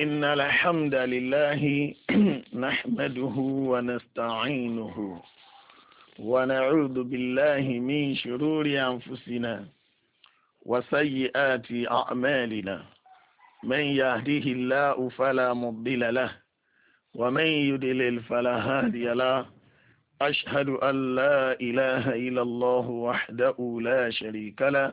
إن الحمد لله نحمده ونستعينه ونعوذ بالله من شرور أنفسنا وسيئات أعمالنا من يهده الله فلا مضل له ومن يدلل فلا هادي له أشهد أن لا إله إلا الله وحده لا شريك له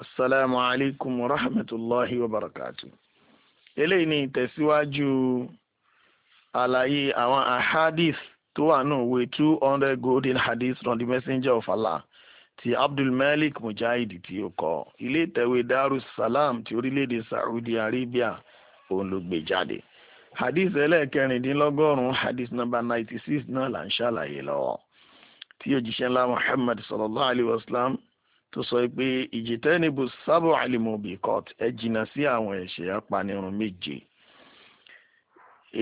asalaamu alaykum wa rahmatulahi wa barakatu. eléyìí ni ìtẹ̀síwájú àlàyé àwọn ahadith tó wà náà wé two hundred golden hadith from the messenger of Allah ti abdulmalik mujahid tí ó kọ ilé ìtẹ̀wé darussalam ti orílẹ̀-èdè saudi arabia òun ló gbé jáde hadith ẹlẹ́ẹ̀kẹrìndínlọ́gọ́rùn-ún hadith number ninety six náà là ń ṣàlàyé lọ́wọ́ tí òjíṣẹ́ ńlá muhammad sallallahu alayhi wa sallam tó sọ pé ìjìtẹ́nibù sábọ̀ àlìmọ̀bì court ẹ jìnnà sí àwọn ẹ̀ṣẹ̀ apanirun méje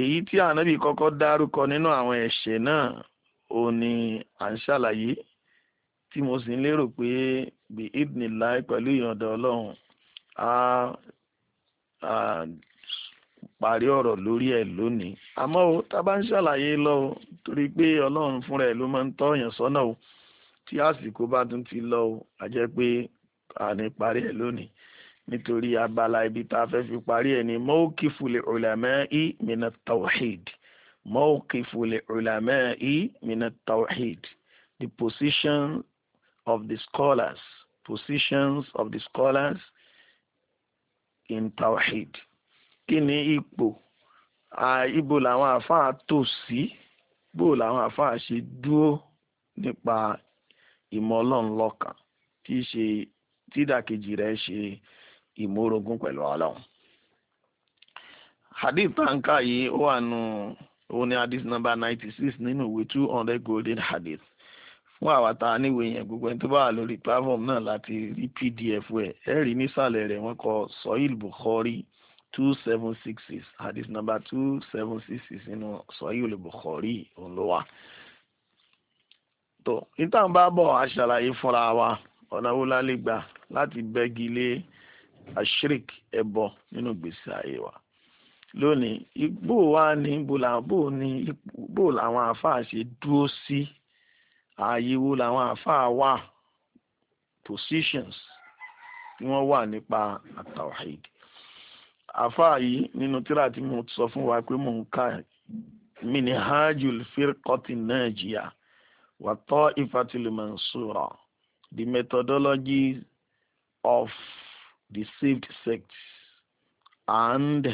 èyí tí ànábì kọ́kọ́ dárúkọ nínú àwọn ẹ̀ṣẹ̀ náà ò ní à ń ṣàlàyé tí mo sì ń lérò pé bí idnilai pẹ̀lú ìyọ̀ǹda ọlọ́run á parí ọ̀rọ̀ lórí ẹ̀ lónìí àmọ́ o tá a bá ń ṣàlàyé lọ o torí pé ọlọ́run fúnra ẹ̀ ló máa ń tọ́ ọ̀yàn sọ́nà o tí àsìkò bá tún ti lọ a jẹ́ pé a ní parí ẹ̀ lónìí nítorí abala ibi tá a fẹ́ fi parí ẹ̀ ní mawqiful ulama'i minat tawhid mawqiful ulama'i minat tawhid the position of the scholars positions of the scholars in tawhid kí ni ipò ibo làwọn àfáà tò sí bó làwọn àfáà ṣe dúró nípa ìmọ̀ ọlọ́run lọ́kàn tí ṣe tídàkejì rẹ̀ ṣe ìmórogún pẹ̀lú ọlọ́run. hadith tanka yìí ó wà nù òun ni hadith number ninety six nínú ìwé two hundred golden hadith fún àwa tá a níwèé yẹn gbogbo ẹni tó bá wà lórí platform náà láti rí pdf ẹ ẹ rí nísàlẹ̀ rẹ̀ wọ́n kọ soil bukhari two seven six six hadith number two seven six six nínú soil bukhari òun ló wà tó ìtàn bá bọ̀ aṣàlàyé fúnra wa ọ̀nà wo la lè gbà láti bẹ́gi lé ashirik ẹbọ nínú gbèsè ayé wa lónìí bó wa ní bó làwọn àáfàá ṣe dúró sí ààyè wo làwọn àáfàá wà positions tí wọ́n wà nípa àtàwáhìd àáfàá yìí nínú tíra tí mo sọ fún wa pé mò ń ka minihajul firqati najiya. Watta'ifatul Mansura, the methodology of the saved sect, and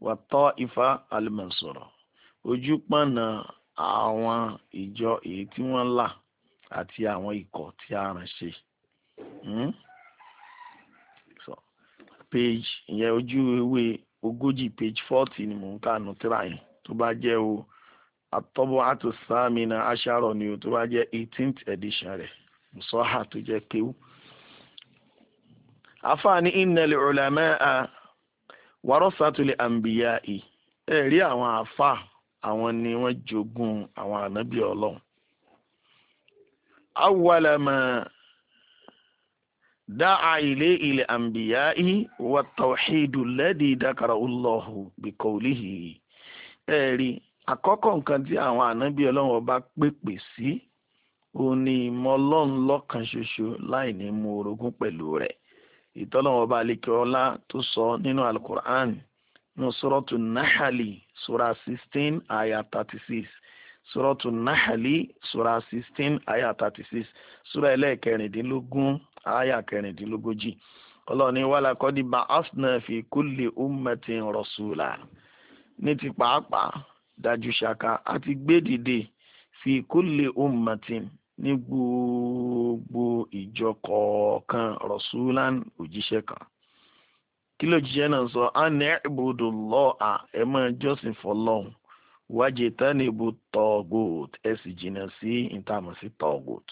Watta'ifa al-Mansura, ojúpọ̀nà àwọn ìjọ èyí tí wọ́n là àti àwọn ikọ̀ tí a rán ṣe. Hmm? So, page ìyẹn ojú ewé ogójì page forty ni mò ń kà nù tíra yẹn tó bá jẹ́ o àtọ́bọ̀ àtò sáàmìnà aṣáárọ̀ ni o tó bá jẹ́ eighteenth edition rẹ̀ musọ́hà tó jẹ́ kéwú. àfààní innal ulamaa warasatul anbiya'i ẹ̀rí àwọn àfà àwọn ni wọ́n jogún àwọn ànábì ọlọ́run. awwala ma da'a ilayhi al-anbiya'i wa tawhidu alladhi dhakarahu Allahu biqawlihi ẹ̀rí àkọ́kọ́ nǹkan tí àwọn ànábì ọlọ́run ọba pèpè sí òun ni ìmọ̀ ọlọ́run lọ́kan ṣoṣo láì ní mú orogún pẹ̀lú rẹ̀ ìtọ́lọ́run ọba àlekè ọlá tó sọ nínú alukur'an nínú sọ́rọ́tù nahali sura sixteen aya thirty six sọ́rọ́tù nahali sura sixteen aya thirty six sura ẹlẹ́ẹ̀kẹrìndínlógún aya kẹrìndínlógójì ọlọ́run ní wàlàkọ́ ní ba'athna fi kulli ummatin rasula ní ti pàápàá dájú ṣáká àti gbé dìde fi kulli ummatin ní gbogbo ìjọ kọ̀ọ̀kan rasulan òjíṣẹ́ kan kí ló jíṣẹ́ náà sọ àná ìbùdó lọ́ọ̀à ẹ máa jọ́sìn fọlọ́hún wájẹ tánìbù tọ́gùt ẹ sì jìnnà sí ìtààmù sí tọ́gùt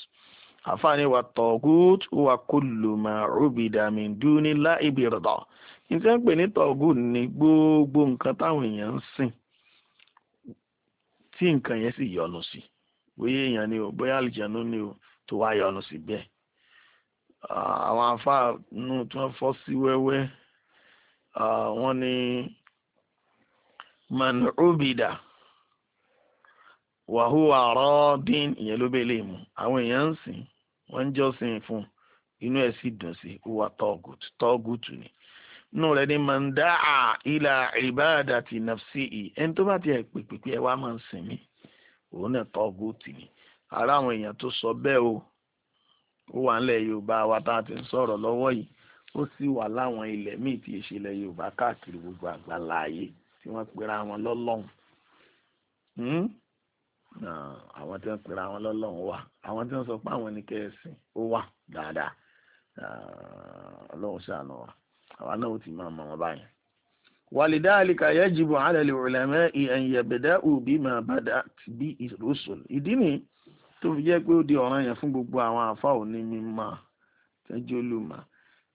àfààní wa tọ́gùt wà kullu ma ubida min dunillahi birda nítorí pé ní tọ́gùt ni gbogbo nǹkan táwọn èèyàn ń sìn tí nǹkan yẹn sì yọnu sí bóyá èèyàn ni o bóyá àlùjànnú ni o tó wá yọnu sí bẹ́ẹ̀ àwọn afáà nù tí wọ́n fọ́ sí wẹ́wẹ́ wọ́n ní man wàhúwà rọ́ọ̀dín ìyẹn ló bẹ́ẹ̀ lè mú àwọn èèyàn ń sìn wọ́n ń jọ́sìn fún inú ẹ̀ sì dùn sí wà tọ́gùtù tọ́gùtù ni nù rẹ̀ ni man da'a ila ibadati nafsihi ẹni tó bá tiẹ̀ pèpèpè ẹ wá máa ń sìn òun náà tọ́gùtì ni ara àwọn èèyàn tó sọ bẹ́ẹ̀ o ó wà nílẹ̀ yorùbá wa tá a ti ń sọ̀rọ̀ lọ́wọ́ yìí ó sì wà láwọn ilẹ̀ míì tí ìṣẹ̀lẹ̀ yorùbá káàkiri gbogbo àgbàlá tí wọ́n pera wọn lọ́lọ́hun hmm? àwọn tí wọ́n pera wọn lọ́lọ́hun wà àwọn tí wọ́n sọ pé àwọn ní kẹ́ẹ̀sìn ó wà dáadáa ọlọ́run ṣàánú wa àwa náà ó ti máa mọ̀ wọ́n báyìí. wàlídáàlìkà yajibu ala al-ulama'i an yabda'u bima bada'at bihi rusul ìdí ni tó fi jẹ́ pé ó di ọ̀ràn yẹn fún gbogbo àwọn àfa òní mímọ́ tẹ́jú olùmọ̀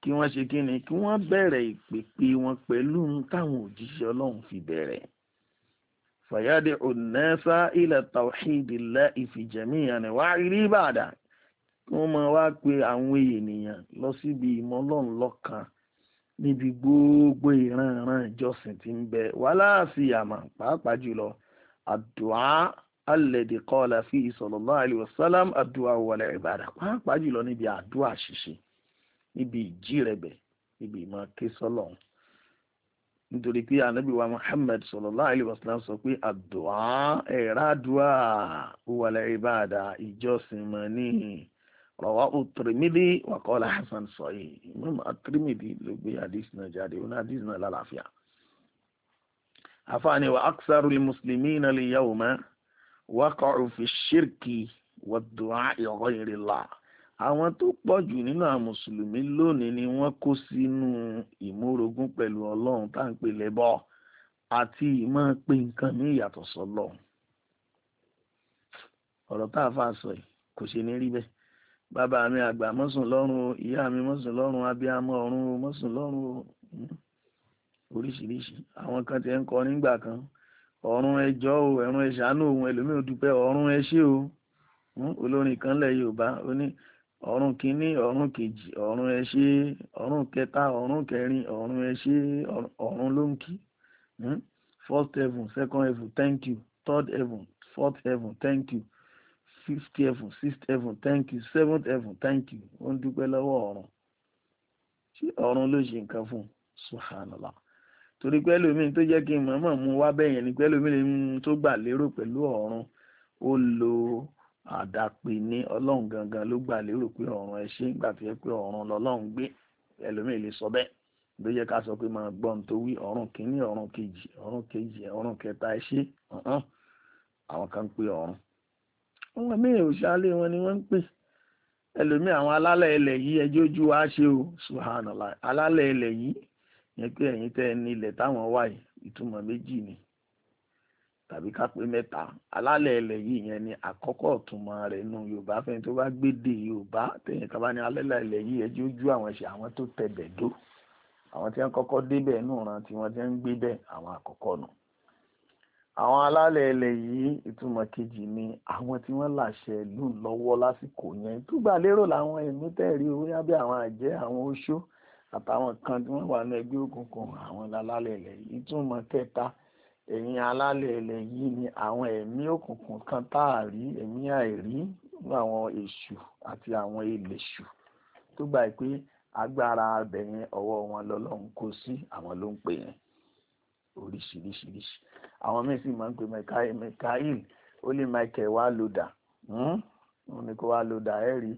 kí wọ́n ṣe kí ni kí wọ́n bẹ̀rẹ̀ ìpèpè wọn pẹ̀lú táwọn òjíṣẹ́ ọlọ́run fi bẹ̀rẹ̀ fàyàdé ònẹ́sà ilẹ̀ tàwíìdìlẹ̀ ìfìjẹ̀míyàn ni wá rí bàdà kí wọ́n máa wá pe àwọn ènìyàn lọ síbi ìmọ̀ ọlọ́run lọ́kan níbi gbogbo ìranran ìjọsìn tí ń bẹ wàhálà sí àmà pàápàá jùlọ àdùá alẹ́dì kọ́ọ̀lá fi sallallahu alaihi wasallam àdùá wọlé ìbàdà pàápàá jùlọ níbi àdùá ṣíṣe níbi ìjírẹ̀bẹ̀ níbi ìmọ̀ ké sọ́lọ́hún nítorí pé ànábì wa muhammed sallallahu alaihi wasallam sọ pé àdùá ẹ̀rá àdùá wọlé ìbàdà ìjọsìn mọ́ níhìn rawahu tirimidi wàkọ́lá hasan sahih imam tirimidi ló gbé hadith náà jáde ó ní hadith náà lálàáfíà afaani wa aksaru li muslimina li yawma waqa'u fi shirki wa du'a'i ghayri Allah àwọn tó pọ̀ jù nínú àwọn mùsùlùmí lónìí ni wọ́n kó sínú ìmórogún pẹ̀lú ọlọ́run tá à ń pè lẹ́bọ àti ìmọ̀ pé nǹkan ní ìyàtọ̀ sọ́lọ́run ọ̀rọ̀ tá a fà sọ yìí kò ṣe ní rí bẹ́ẹ̀ bàbá mi àgbà mọ́sùn lọ́rùn ìyá mi mọ́sùn lọ́rùn abiyamọ ọ̀run mọ́sùn lọ́rùn hmm. oríṣiríṣi àwọn kan ti ń kọ nígbà kan ọ̀run ẹjọ́ o ẹ̀rùn ẹ̀ṣánú òun ẹlòmíràn dúpẹ́ ọ̀run ẹṣẹ́ o hmm. olórin kan lẹ̀ yorùbá ó ní ọ̀run kínní ọ̀run kejì ọ̀run ẹṣẹ́ ọ̀run kẹta ọ̀run kẹrin ọ̀run ẹṣẹ́ ọ̀run ló ń kí hmm. first heaven second heaven thank you third heaven fourth heaven thank you fifth heaven sixth heaven thank you seventh heaven thank you ó ń dúpẹ́ lọ́wọ́ ọ̀run ṣé ọ̀run ló ṣe nǹkan fún un subhanallah torí pé ẹlòmíín tó jẹ́ kí n mọ̀ọ́mọ̀ mú wá bẹ́yẹn ni pé ẹlòmíín tó gbà lérò pẹ̀lú ọ̀run ó lo àdàpè ní ọlọ́run gangan ló gbà lérò pé ọ̀run ẹ ṣe nígbà tó yẹ pé ọ̀run lọ́lọ́run gbé ẹlòmíín lè sọ bẹ́ẹ̀ ló yẹ ká sọ pé máa gbọ́n tó wí ọ̀run kìíní ọ̀run kejì ọ̀run kejì ọ̀run kẹta ẹ àwọn kan ń pe ọ̀run wọn mí òṣàlẹ wọn ni wọn ń pè ẹlòmíì àwọn alálẹ̀ ilẹ̀ yìí ẹjọ́ ojú wa ṣe o subhanallah alálẹ̀ ilẹ̀ yìí yẹn pé ẹ̀yin tẹ́ ní ilẹ̀ táwọn wà yìí ìtumọ̀ méjì ni tàbí ká pé mẹ́ta alálẹ̀ ilẹ̀ yìí yẹn ni àkọ́kọ́ ọ̀túnmọ̀ rẹ̀ nu yorùbá fẹ́ni tó bá gbédè yorùbá tẹ̀yìn kan bá ní alálẹ̀ ilẹ̀ yìí ẹjọ́ ojú àwọn ṣe àwọn tó tẹ̀bẹ̀ dó àwọn tí wọ́n kọ́kọ́ débẹ̀ nù rántí wọ́n ti ń gbé bẹ́ẹ̀ àwọn àkọ́kọ́ nù àwọn alálẹ̀ ilẹ̀ yìí ìtumọ̀ kejì ni àwọn tí wọ́n láṣẹ ìlú lọ́wọ́ lásìkò yẹn túgbà lérò làwọn ìlú tẹ̀rí owó yábẹ́ àwọn àjẹ́ àwọn oṣó àtàwọn kan tí wọ́n wà ní ẹgbẹ́ òkùnkùn àwọn alálẹ̀ yìí ìtumọ̀ kẹta ẹ̀yin alálẹ̀ yìí ni àwọn ẹ̀mí òkùnkùn kan tá a rí ẹ̀mí àìrí ní àwọn èṣù àti àwọn èlèṣù tó gbà pé agbára abẹ yẹn ọwọ́ wọn lọ́lọ́run kó sí àwọn ló ń pè yẹn oríṣiríṣiríṣi àwọn míì sì máa ń pè mikael mikael ó lè michael wá lòdà wọ́n hmm? ní kó wá lòdà ẹ̀ rí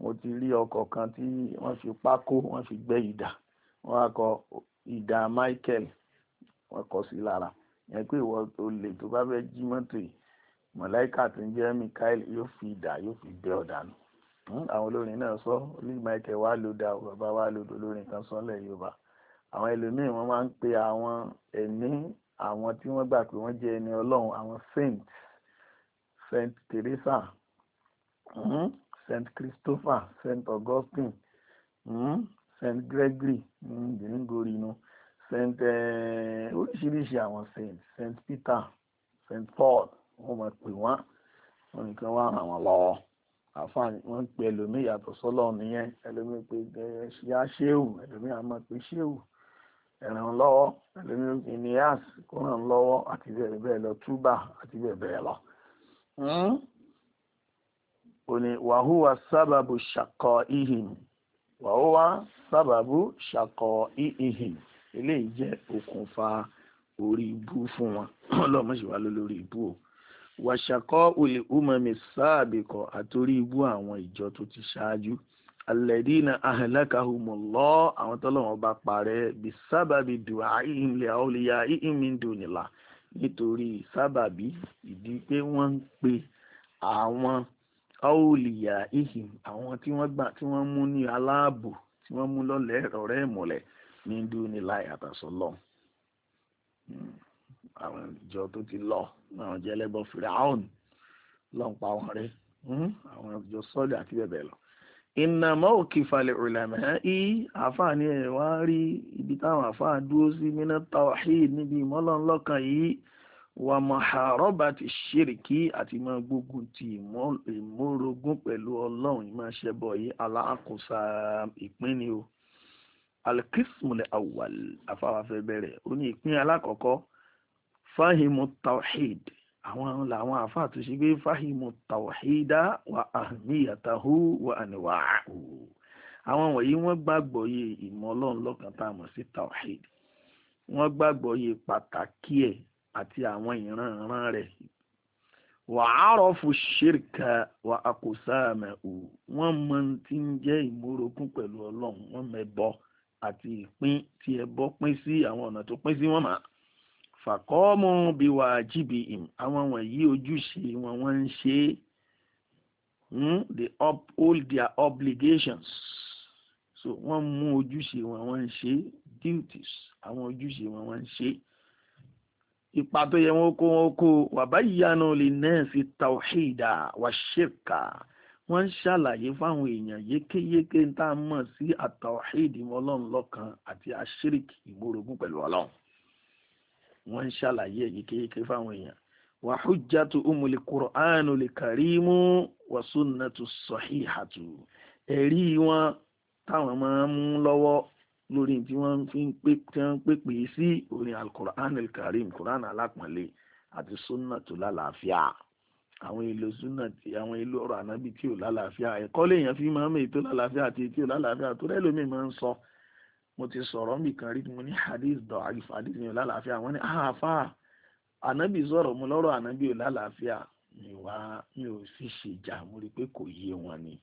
mo ti rí ọkọ̀ kan tí wọ́n fi pákó wọ́n fi gbẹ́ ìdà wọ́n á ìdà michael wọ́n kọ sí lára yẹn pé ìwọ olè tó bá fẹ́ jí mọ́tò yìí mọ̀láìkà tó ń jẹ́ mikael yóò fi ìdà yóò fi bẹ́ ọ̀dànù hmm? àwọn olórin náà sọ olú michael wá lòdà bàbá wá lòdà olórin kan sọ lẹ́yìn yorùbá àwọn ẹlòmíín wọ́n máa ń pe àwọn ẹ̀mí àwọn tí wọ́n gbà pé wọ́n jẹ́ ẹni ọlọ́run àwọn saints saint teresa mm, saint christopher saint augustine mm, saint gregory gbìngóri mm, nu saint eh, oríṣiríṣi àwọn saints saint peter saint paul wọ́n máa pè wọ́n wọ́n nìkan wá ràn wọ́n lọ́wọ́ àfààní wọ́n ń pe ẹlòmíì yàtọ̀ sọ́lọ́ nìyẹn ẹlòmíì pé ṣíà ṣéwù ẹlòmíì àmọ́ pé ṣéwù ẹ̀ràn lọ́wọ́ ẹlẹ́mi ìníyàs kó ràn lọ́wọ́ àti bẹ́ẹ̀ bẹ́ẹ̀ lọ túbà àti bẹ́ẹ̀ bẹ́ẹ̀ lọ. Hmm? ó ní wàhúwa sábàbù ṣàkọ ihìn wàhúwa sábàbù ṣàkọ ihìn eléyìí jẹ́ okùnfà orí ibú fún wọn ọlọ́mọ sì wá lórí ibú o wàṣàkọ olè umami sáàbìkọ àtòrí ibú àwọn ìjọ tó ti ṣáájú alẹ́dínà ahẹ́lákàhùmọ̀lọ́ àwọn tọ́lọ́wọ́n bá parẹ́ bí sábàbí dùá ìhìnlẹ̀ àwòlíyà ìhìnmíndùnìlà nítorí sábàbí ìdí pé wọ́n ń pe àwọn àwòlíyà ìhìn àwọn tí wọ́n gbà tí wọ́n mú ní aláàbò tí wọ́n mú lọ́lẹ̀ ọ̀rẹ́ ìmọ̀lẹ̀ ní dùnìlà àtàsọ́lọ́ hmm. àwọn ìjọ tó ti lọ àwọn jẹ́lẹ́bọ̀ fìràhùn lọ́npa wọn rẹ̀ hmm. àwọn ìjọ sọ́ọ̀dì àti bẹ́ẹ̀ bẹ́ẹ̀ lọ ìnàmọ́ òkè falẹ̀ ulama í àfáà ní ẹ̀ wá rí ibi táwọn àfáà dúró sí mina tawhid níbi ìmọ́lọ́nlọ́kan yìí wà mọ̀hàrọ́bà ti ṣìrìkí àti máa gbógun ti ìmórogún pẹ̀lú ọlọ́run ìmọ̀ ṣẹbọ yìí aláàkóso ìpín ni o alkismule awal afáwáfẹ́ bẹ̀rẹ̀ ó ní ìpín alákọ̀ọ́kọ́ fahimu tawhid àwọn làwọn àáfàá tó ṣe gbé fáhìmù tàwọ̀hídá wa àmìyàtàhù wa àníwàáhù àwọn wọ̀nyí wọ́n gbàgbọ́ yé ìmọ̀ ọlọ́run lọ́kàn tá a mọ̀ sí tàwọ̀híd wọ́n gbàgbọ́ yé pàtàkì ẹ̀ àti àwọn ìrànràn rẹ̀ wà á rọ̀fù ṣìrìkà wà á kò sáàmẹ̀ ò wọ́n mọ ti ń jẹ́ ìmúrogún pẹ̀lú ọlọ́run wọ́n mẹ́bọ àti ìpín tí ẹbọ pín sí àwọn ọ̀nà tó pín sí wọ́n máa fàkọ́mù bíwá jíbi im àwọn wọ̀nyí ojúṣe wọn wọ́n ń ṣe hmm, they uphold their obligations so wọ́n mú ojúṣe wọn wọ́n ń ṣe duties àwọn ojúṣe wọn wọ́n ń ṣe ipa tó yẹ wọn kó wọn kó wàbá ìyanu lè náà fi tawhida wà ṣèkà wọ́n ń ṣàlàyé fáwọn èèyàn yékéyéké tá a mọ̀ sí àtàwáhídì ọlọ́run lọ́kan àti àṣíríkì ìgbórogún pẹ̀lú ọlọ́run wọ́n ń ṣàlàyé èyí kéèké fáwọn èèyàn wa hujjatu umuli qur'anu li karimu wa sunnatu sahihatu ẹ̀rí wọn táwọn máa ń mú lọ́wọ́ lórí tí wọ́n fi ń pè tí wọ́n pè pè sí orin alukur'an alkarim quran alápọ̀nlé àti sunna tó lálàáfíà àwọn èlò sunna tí àwọn èlò ọ̀rọ̀ ànábì tí ò lálàáfíà ẹ̀kọ́ lèèyàn fi máa ń mè tó lálàáfíà àti tí lálàáfíà tó rẹ́ lómi máa ń sọ. So mo ti sọ̀rọ̀ mi kan rí mo ní hadith da'if hadith mi ò lálàáfíà wọ́n ní ah, àáfà ànábì sọ̀rọ̀ mo lọ́rọ̀ ànábì ò lálàáfíà mi wá mi ò sì ṣèjà mo rí i pé kò yé wọn ni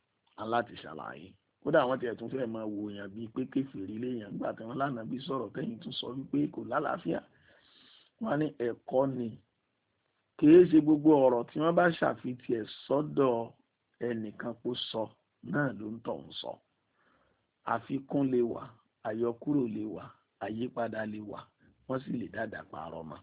aláti ṣàlàyé kódà àwọn tiẹ̀ tún fẹ́ẹ́ máa wo èèyàn bíi pé kéfèrí léèyàn gbà tí wọ́n lánàbí sọ̀rọ̀ tẹ́yìn tún sọ wípé kò lálàáfíà wọ́n ní ẹ̀kọ́ ni kìí ṣe gbogbo ọ̀rọ̀ tí wọ́n bá ṣàfihàn ẹ̀ sọ́dọ̀ ẹnìkan kó sọ náà ló ń tọ̀ ń sọ àfikún lè wà àyọkúrò lè wà àyípadà lè wà wọ́n sì lè dàdà pààrọ̀ mọ́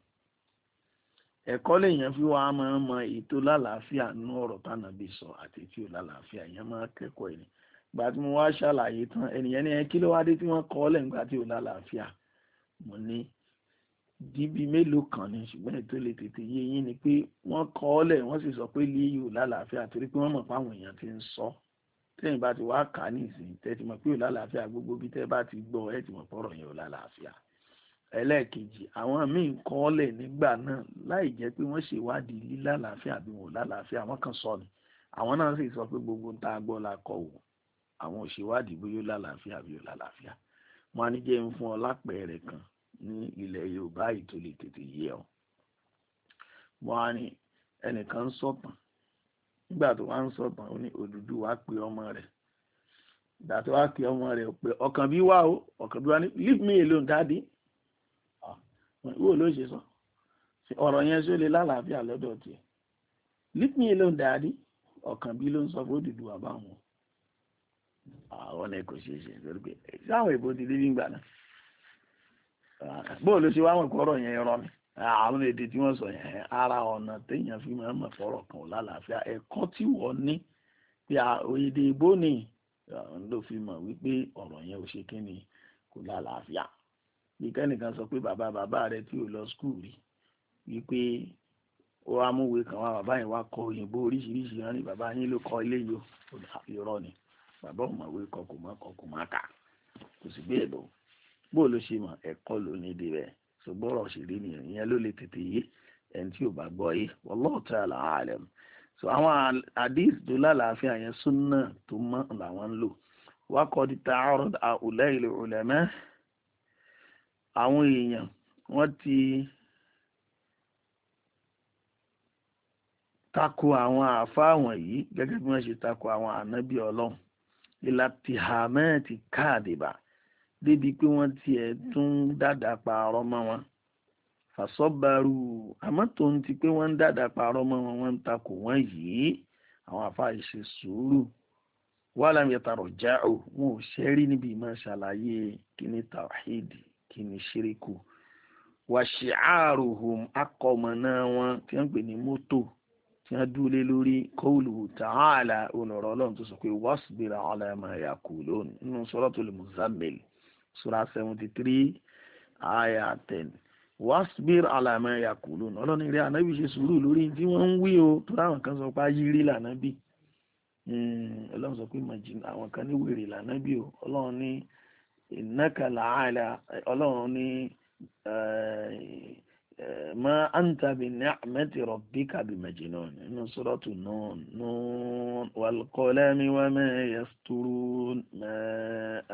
ẹ̀kọ́ lèèyàn fi wá máa mọ ètò lálàáfíà nínú ọ̀rọ̀ tánàbí sọ àti tí ò lálàáfíà èèyàn máa kẹ́kọ̀ọ́ ẹni gbà tí mo wá ṣàlàyé tán ènìyàn ní ẹ kí ló wá dé tí wọ́n kọ́ ọ́lẹ̀ nígbà tí ò lálàáfíà mo ní díbi mélòó kan ni ṣùgbọ́n ètò lè tètè yé yín ni pé wọ́n kọ́ ọ́lẹ̀ wọ́n sì sọ pé lè yóò lálàáfíà torí pé wọ́n mọ̀ páwọn èèyàn ti ń sọ tẹ́yìn bá ti wá kà á nísìnyí tẹ́ ti mọ̀ pé ò lálàáfíà gbogbo bí tẹ́ bá ti gbọ́ ẹ ti mọ̀ pọ̀rọ̀ yẹn ò lálàáfíà ẹlẹ́ẹ̀kejì àwọn míì ń kọ́ lẹ̀ nígbà náà láì jẹ́ pé wọ́n ṣèwádìí lílálàáfíà bí wọn ò lálàáfíà wọ́n kàn sọ ni àwọn náà sì sọ pé gbogbo ń tá a gbọ́ la kọ̀ wò àwọn ò ṣèwádìí bí yóò lálàáfíà bí yóò lálàáfíà wọn ní jẹ́ ń fún ọ lápẹẹrẹ kan ní ilẹ̀ yorùbá yìí tètè yé ọ wọn ní ẹnìkan sọ̀tàn nígbà tó wá ń sọ̀tàn ó ní Odùduwà pé ọmọ rẹ̀ ìgbà tó wá pé ọmọ rẹ̀ pé ọkàn bí wá o ọkàn bí wá ní leave me alone daddy ah, ìwọ ló ṣe sọ ọ̀rọ̀ yẹn ṣó lè lálàáfíà lọ́dọ̀ tiẹ̀ leave me alone daddy ọkàn bí ló ń sọ fún Odùduwà báwọn ah, àwọn ọ̀nà kò ṣeé ṣe lórí pé sáwọn ìbò ti dé nígbà náà ah, bóòlù ṣe wá wọn kọ́ ọ̀rọ̀ yẹn rọ mi àwọn èdè tí wọ́n sọ yẹn ara ọ̀nà téèyàn fi máa mọ̀ fọ́rọ̀ kan lálàáfíà ẹ̀kọ́ tí wọ́n ní pé èdè ìbò ni ló fi mọ̀ wípé ọ̀rọ̀ yẹn ò ṣe kíni kò lálàáfíà bí kẹ́nìkan sọ pé bàbá bàbá rẹ tí ò lọ skul rí wípé ó wá mú ìwé kan wá bàbá yẹn wá kọ òyìnbó oríṣiríṣi hàn ní bàbá yín ló kọ ilé yìí ó irọ́ ni bàbá ò mọ̀ kọ kò mọ̀ kọ kò má kà kò sì gbé ẹ̀bọ̀ bó ló ṣe mọ̀ ẹ̀kọ́ ló ní ibi rẹ̀ ṣùgbọ́n ọ̀rọ̀ ṣèlérí nìyẹn ìyẹn ló lè tètè yé ẹni tí ò bá gbọ́ yé wallahu ta'ala alam so àwọn hadith tó lálàáfíà yẹn súnà tó mọ́ làwọn ń lò wákọ̀ọ́dì ta'arud àwùlẹ́ ìlú ulama àwọn èèyàn wọ́n ti tako àwọn àáfàá wọ̀nyí gẹ́gẹ́ bí wọ́n ṣe tako àwọn ànábì ọlọ́run ìlàtìhàmẹ́ẹ̀tì káàdìbà débi pé wọ́n tiẹ̀ tún dàdà pààrọ̀ mọ́ wọn fàṣọ́bàrú àmọ́ tòun ti pé wọ́n ń dàdà pààrọ̀ mọ́ wọn wọ́n ń takò wọ́n yìí àwọn àfáà yìí ṣe sùúrù wàhálà mi tààrọ̀ já o wọn ò ṣe rí níbi ìmọ̀ ṣàlàyé kíní tawhid kíní ṣíríkù wàṣí àrùhùn akọ̀mọ̀ wọn tí wọ́n pè ní mọ́tò tí wọ́n dúró lórí kọ́ọ̀lù tààlà onọ̀rọ̀ ọlọ́run tó sọ pé wasbir ala ma yaqulun nínú suratul Muzammil sura seventy three aya ten wasbir alama yakulun ọlọ́ni rẹ̀ ànábì ṣe sùúrù lórí tí wọ́n ń wí o tó láwọn kan sọ pé ayírí lànábì hmm, ọlọ́run sọ pé màjìnà àwọn kan ní wèrè lànábì o ọlọ́run ní ìnákàlà àìlà ọlọ́run ní eh, ma anta bi ni'mati rabbika bi majnun nínú suratu nun nun wal qalami wa ma yasturun ma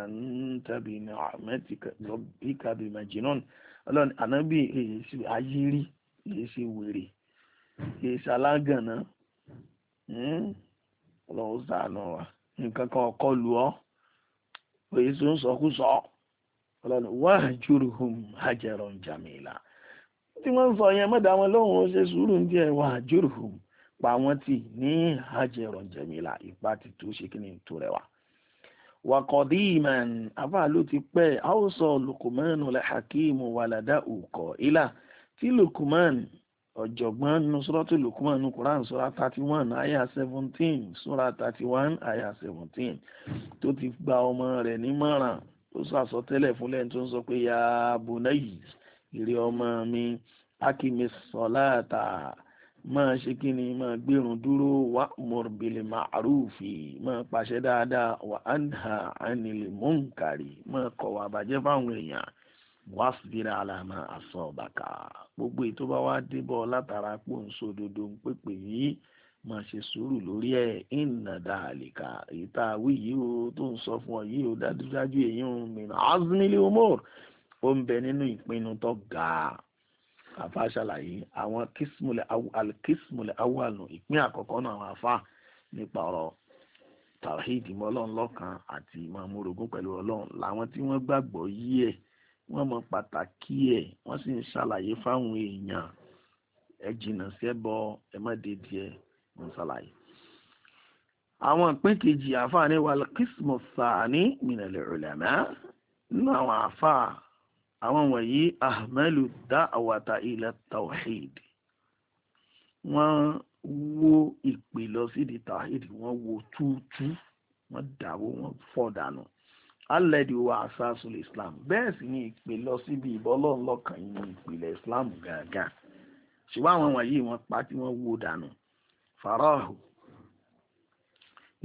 anta bi ni'mati rabbika bi majnun ọlọ́ni ànábì èyí sí ayírí èyí sí wèrè èyí sí alágànná hmm? ọlọ́run wa nǹkan kan ọkọ lù ọ́ èyí sí ń sọkúsọ ọlọ́ni wàá jùrù hùm jamila tí wọ́n ń sọ yẹn mọ́dà wọn lọ́hùn ó ṣe sùúrù ń díẹ̀ wà jórùhù pa wọ́n tì ní àjẹrọ̀ jẹ̀mílà ipa ti tó ṣe kí ni tó rẹwà. wàkọ̀dí ìmọ̀n afá ló ti pẹ́ àwòsàn lukumanu lẹ́hàkíìmù wàlàdà òkọ̀ ilà tí lukuman ọ̀jọ̀gbọ́n nusrọ́tù lukuman quran sura thirty one aya seventeen sura thirty one aya seventeen tó ti gba ọmọ rẹ̀ nímọ̀ràn ó sọ àsọtẹ́lẹ̀ fúnlẹ̀ tó ń sọ pé ya bunayis ìrè ọmọ mi akimi sọláàtà máa ṣe kí ni máa gbérun dúró wà mọ̀rùbìlì màrúfì máa pàṣẹ dáadáa wà ánìhà ánìlè mọ́ǹkàrí máa kọ̀ wà bàjẹ́ fáwọn èèyàn wà síbíra àlàmà àṣọ ọ̀bàkà gbogbo ètò bá wá débọ̀ látara pò ń sọ òdodo ń pèpè yìí máa ṣe sùúrù lórí ẹ ìnà dáàlìkà ìta àwí yìí ó tó ń sọ fún ọ yìí ó dájúdájú èyí ń mìíràn azmili umar ó ń bẹ nínú ìpinnu tó ga àfa ṣàlàyé àwọn alkismulẹ̀ awàlù ìpín àkọ́kọ́ náà àwọn àfa nípa ọ̀rọ̀ tawhid ìmọ̀ ọlọ́run lọ́kan àti ìmọ̀ amúrogún pẹ̀lú ọlọ́run làwọn tí wọ́n gbàgbọ́ yí ẹ̀ wọ́n mọ pàtàkì ẹ̀ wọ́n sì ń ṣàlàyé fáwọn èèyàn ẹ jìnnà sí ẹbọ ẹ má dédì ẹ ń ṣàlàyé. àwọn ìpín kejì àfa ni wàlkismus sani minal ulama nínú àwọn àfa àwọn wọ̀nyí ahmelu da'wata ila tawhid wọ́n wó ìpè lọ sídìí tawhid wọ́n wo túútú wọ́n dàwó wọ́n fọ́ dànù alẹ́dì wa asasul islam bẹ́ẹ̀ sì ni ìpè lọ síbi ìbọ́lọ́n lọ́kàn yìí ni ìpìlẹ̀ islam gàgàn ṣùgbọ́n àwọn wọ̀nyí wọ́n pa tí wọ́n wó dànù farahu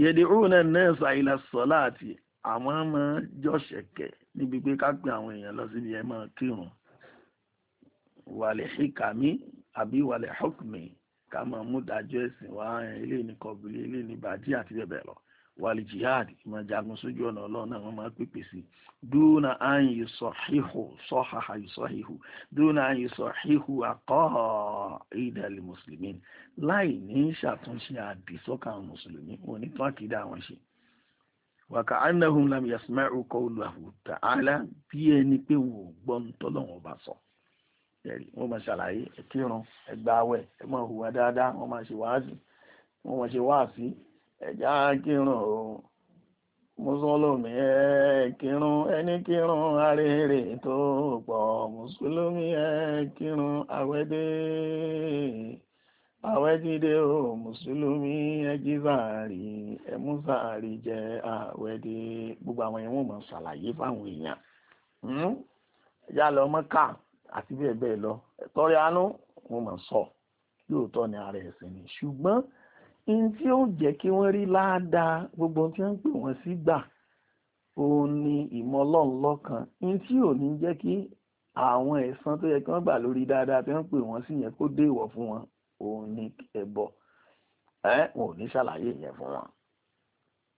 yẹ̀dì òun nẹ́ẹ̀sà ila salati àwọn ọmọ jọ́ṣẹ̀kẹ̀ níbi pé ká pe àwọn èèyàn lọ síbi ẹ máa kírun wàlẹ̀ hikami àbí wàlẹ̀ hukmi ká máa mú dájọ́ ẹ̀sìn wá eléyìí ní kọ̀bìlì eléyìí ní bàjí àti bẹ́ẹ̀ bẹ́ẹ̀ lọ wàlẹ̀ jihad máa jagun sójú ọ̀nà ọlọ́run náà wọ́n máa pèpè sí dúnà an yusahihu sọ́hàhà yusahihu dúnà an yusahihu àkọ́họ̀ ìdàlì mùsùlùmí láì ní ṣàtúnṣe àdìsọ́kàn mùsùlùmí wọn ṣe wàkà anahum lam yasma'u qawlahu ta'ala bí ẹni pé wò gbọ́ ń tọ́lọ́wọ́n bá sọ ẹ̀rí wọ́n máa ṣàlàyé ẹ̀kírun ẹgbàáwẹ̀ ẹ máa hùwà dáadáa wọ́n máa ṣe wáàsí wọ́n máa ṣe wáàsí ẹ̀já kírun o mùsùlùmí ẹ̀kírun ẹni kírun tó pọ̀ mùsùlùmí ẹ̀kírun àwẹ̀dẹ́ àwẹ́dídé o mùsùlùmí ẹjí sàárì ẹmú sàárì jẹ àwẹ́dí gbogbo àwọn ẹ̀wọ̀n mọ̀ ṣàlàyé fáwọn èèyàn ẹjá hmm? lọ mọ́kà àti bẹ́ẹ̀ bẹ́ẹ̀ lọ tọrẹ àánú mo mọ̀ sọ lóòótọ́ ni ara ẹ̀sìn ni ṣùgbọ́n n tí ó jẹ́ kí wọ́n rí ládàá gbogbo tí wọ́n pè wọ́n sí gbà òun ni ìmọ̀ ọlọ́run lọ́kan n tí ò ní jẹ́ kí àwọn ẹ̀san tó yẹ kí wọ́n gbà lórí dáadáa tí wọ́n pè wọ́n sí yẹn kó dé ìwọ̀ fún wọn òun ní ẹbọ ẹ wọn ò ní ṣàlàyé yẹn fún wọn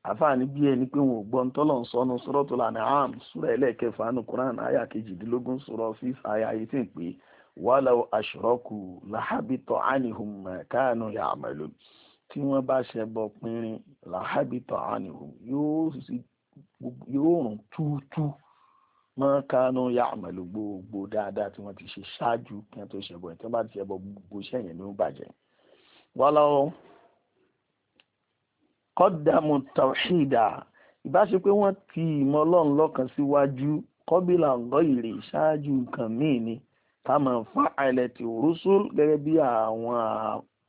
àfààní bí ẹni pé wọn ò gbọ́ ntọ́lọ̀ ń sọnu Suratul An'am súrà ẹlẹ́ẹ̀kẹfà nù Qur'an àyà kejìdínlógún sọ̀rọ̀ fífi àyà eighteen pé walaw ashraku lahabita anihum ma kanu ya'malun tí wọ́n bá ṣẹbọ pinrin lahabita anihum yóò rùn túútúú mọ́ kánú ya àmàlù gbogbo dáadáa tí wọ́n ti ṣe ṣáájú kí wọ́n tó ṣẹbọ ẹ̀ tí wọ́n bá ti ṣẹbọ gbogbo iṣẹ́ yẹn ló ń bàjẹ́. wọ́lọ́wọ́ kọ́dàmù tawhida ìbáṣepé wọ́n ti ìmọ̀ ọlọ́run lọ́kàn síwájú kọ́bílà ọ̀gọ́ ìrè ṣáájú nǹkan míì ni kàmá fa'alat rusul gẹ́gẹ́ bí àwọn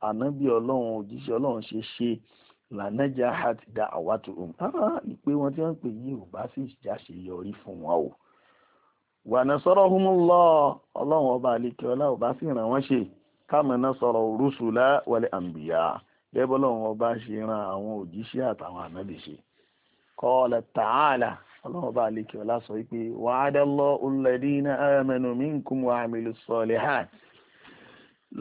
ànábì ọlọ́run òjíṣẹ́ ọlọ́run ṣe ṣe lànàjà àti dá àwàtò ìpè wọn tí wọ́n pè yí ò sì já ṣe yọrí fún wọn o wa nasarahumullah ọlọ́run ọba àlekè ọlá ọba sì ràn wọ́n ṣe kama nasara rusula wal anbiya bẹ́ẹ̀ bọ́lọ́run ọba ṣe ran àwọn òjíṣẹ́ àtàwọn ànábì ṣe qala ta'ala ọlọ́run ọba àlekè ọlá sọ pé wa'adallahu alladhina amanu minkum wa amilus salihat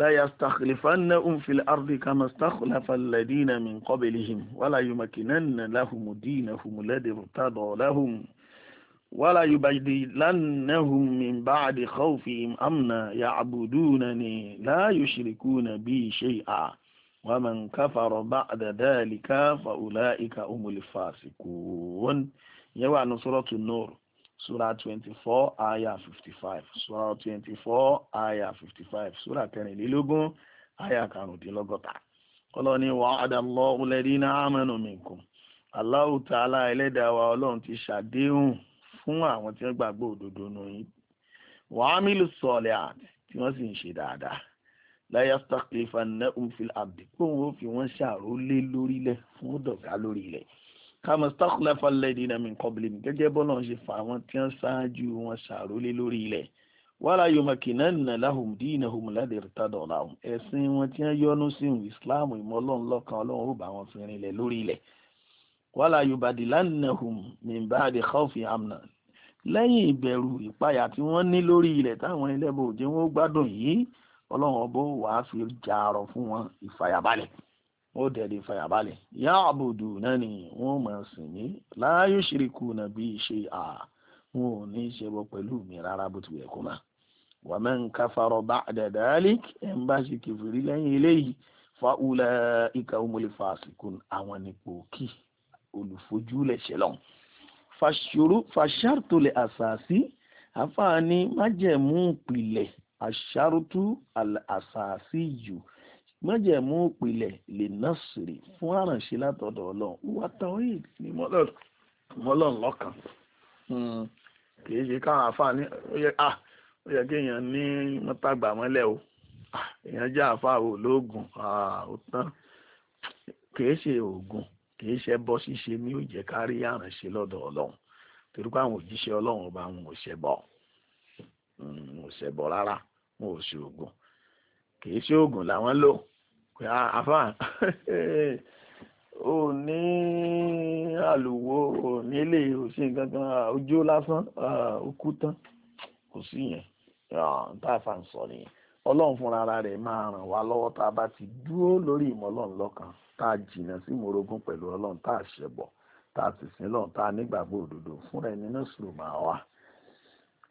لا يستخلفنهم في الأرض كما استخلف الذين من قبلهم ولا يمكنن لهم دينهم الذي ارتضى لهم wala yubaddilannahum min ba'di khawfihim amna ya'budunani la yushrikuna bi shay'a wa man kafara ba'da dhalika fa ulaika humul fasiqun yẹn wà ní suratu nur sura twenty four aya 55 five sura twenty four aya fifty five sura kẹrìnlélógún aya karùndínlọ́gọ́ta ọlọ́ni wa'adallahu alladhina amanu minkum Allahu ta'ala ẹlẹ́dàá wa ọlọ́run ti ṣàdéhùn fún àwọn tí wọ́n gbàgbọ́ òdodo nù yín wọ́n á mílò sọ̀lẹ̀ àti tí wọ́n sì ń ṣe dáadáa láyà staklifa ní umfil abdi kó wọ́n fi wọ́n ṣàrólé lórílẹ̀ fún dọ̀gá lórílẹ̀ kàmá staklifa lẹ́dí nàmí kọ́bìlì gẹ́gẹ́ bọ́lá ṣe fa àwọn tí wọ́n ṣáájú wọn ṣàrólé lórílẹ̀ wala yumakinanna lahum dinahum alladhi irtada lahum ẹ̀sìn wọn tí wọ́n yọ́nú sí islam ìmọ̀ ọlọ́run lọ́kan ọlọ́run ó bá wọn fi rinlẹ̀ lórí ilẹ̀ wala yubadilannahum min ba'di khawfi amna lẹ́yìn ìbẹ̀rù ìpayà tí wọ́n ní lórí ilẹ̀ táwọn ẹlẹ́bọ òjé wọn ó gbádùn yìí ọlọ́run ọbọ̀ wàá fi jàrọ̀ fún wọn ìfàyàbalẹ̀ wọ́n dẹ̀ lè fàyàbalẹ̀ yá àbùdù náà ni wọ́n máa sìn ní láàyò ṣìrìkù náà bí ṣe à wọn ò ní ṣe bọ́ pẹ̀lú mi rárá bó ti wẹ̀ kó máa wà mẹ́ káfàrọ̀ bá dàdálík ẹ̀ ń bá ṣe kẹfìrí lẹ́yìn eléyìí fa ulẹ̀ ìkà òmùlẹ̀ fàásìkò àwọn nípò kí olùfojúlẹ̀ ṣẹlọ́n fàṣòro fàṣàrùtò lè àṣàṣì àfààní májẹ̀mú ìpìlẹ̀ àṣàrùtù àṣàṣì yù májẹ̀mú ìpìlẹ̀ lè násìrì fún àrànṣe látọ̀dọ̀ ọlọ́run wà tawhid ní mọ́lọ́n lọ́kàn hmm, kì í ṣe káwọn àfààní ah, ó yẹ kí èèyàn ní mọ́tàgbà mọ́lẹ̀ o ah, èèyàn jẹ́ àfààwò lóògùn ah, ó tán kì í ṣe oògùn kì í ṣe bọ ṣíṣe ní ó jẹ́ ká rí àránṣe lọ́dọ̀ Ọlọ́run torí pé àwọn òjíṣẹ́ Ọlọ́run ọba wọn ò ṣẹbọ hmm, wọn ò ṣẹbọ rárá wọn ò ṣe oògùn kì í ṣe oògùn làwọn lò pé àfà ò ní àlùwò ò ní ilé òsì kankan ojú lásán òkú tán kò sí yẹn tá a fà ń sọ nìyẹn Ọlọ́run fúnra rẹ̀ máa ràn wá lọ́wọ́ tá a bá ti dúró lórí ìmọ̀ Ọlọ́run tá a jìnnà sí morogun pẹ̀lú ọlọ́run tá a ṣẹ̀bọ̀ tá a sì sin lọ́run tá a nígbàgbọ́ òdodo fúnra ẹni náà sùn máa wà.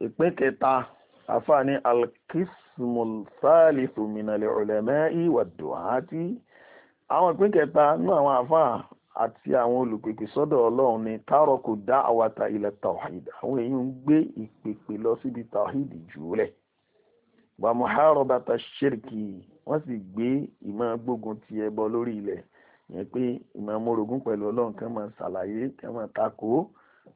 ìpín kẹta àfààní alkismul salisu minal ulama'i wad du'ati àwọn ìpín kẹta nú àwọn àfáà àti àwọn olùpèpè sọ́dọ̀ ọlọ́run ni tárọ̀kù dá àwàtà ilẹ̀ tawhid àwọn èèyàn ń gbé ìpèpè lọ síbi tawhid jùlẹ̀ wàmùhárọ̀bàtà ṣírkì wọ́n sì gbé ìmọ̀ gbógun ti ẹbọ lórí ilẹ̀ yẹn pé ìmọ̀ amórogún pẹ̀lú ọlọ́run kan máa ṣàlàyé kan máa takò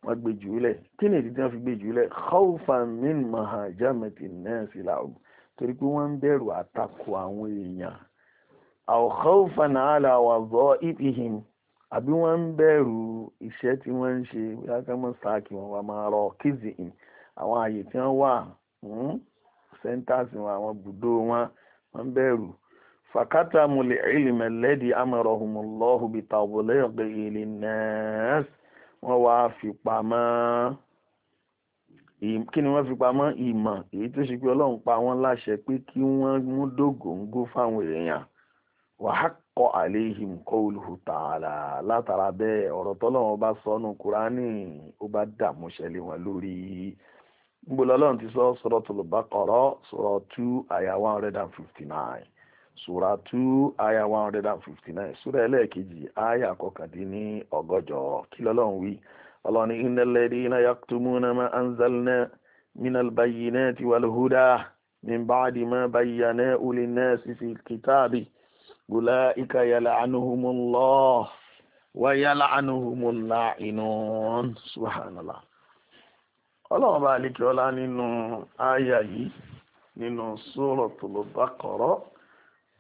wọ́n gbé jù ú lẹ̀ kí ni ìdí tí fi gbé jù ú lẹ̀ khawfan min mahajamati an-nas lahum torí pé wọ́n ń bẹ̀rù àtakò àwọn èèyàn aw khawfan ala wadha'ifihim àbí wọ́n ń bẹ̀rù iṣẹ́ tí wọ́n ń ṣe bóyá ká mọ̀ sáàkì wọn wà máa rọ kízi in àwọn àyè tí wọ́n wà hmm, sẹ́ńtàsì wọn àwọn bùdó wọn wọ́n ń bẹ̀rù فكتموا العلم الذي أمرهم الله بتبليغه للناس wọ́n wá fi pamọ́ kí ni wọ́n fi pamọ́ ìmọ̀ èyí tó ṣe pé ọlọ́run pa wọ́n láṣẹ pé kí wọ́n mú dògóńgó fáwọn èèyàn wàhákọ àléhìm qawluhu ta'ala látara bẹ́ẹ̀ ọ̀rọ̀ tọ́lọ́run bá sọnù kúránì ó bá dààmú ṣẹlẹ̀ wọn lórí gbọ́dọ̀ ọlọ́run ti sọ Suratul Baqara sura two àyà one hundred and fifty nine sura two aya one hundred and fifty nine sura ẹlẹ́ẹ̀kejì aya kọkàndínní ọgọ́jọ kí lọ́lọ́run wí ọlọ́ni inna alladhina yaktumuna ma anzalna minal bayyinati wal huda min ba'di ma bayyanahu linnasi fil kitabi ulaika yal'anuhumullah wa yal'anuhumul la'inun subhanallah ọlọ́run bá alikẹ́ ọlá nínú aya yìí nínú suratul Baqara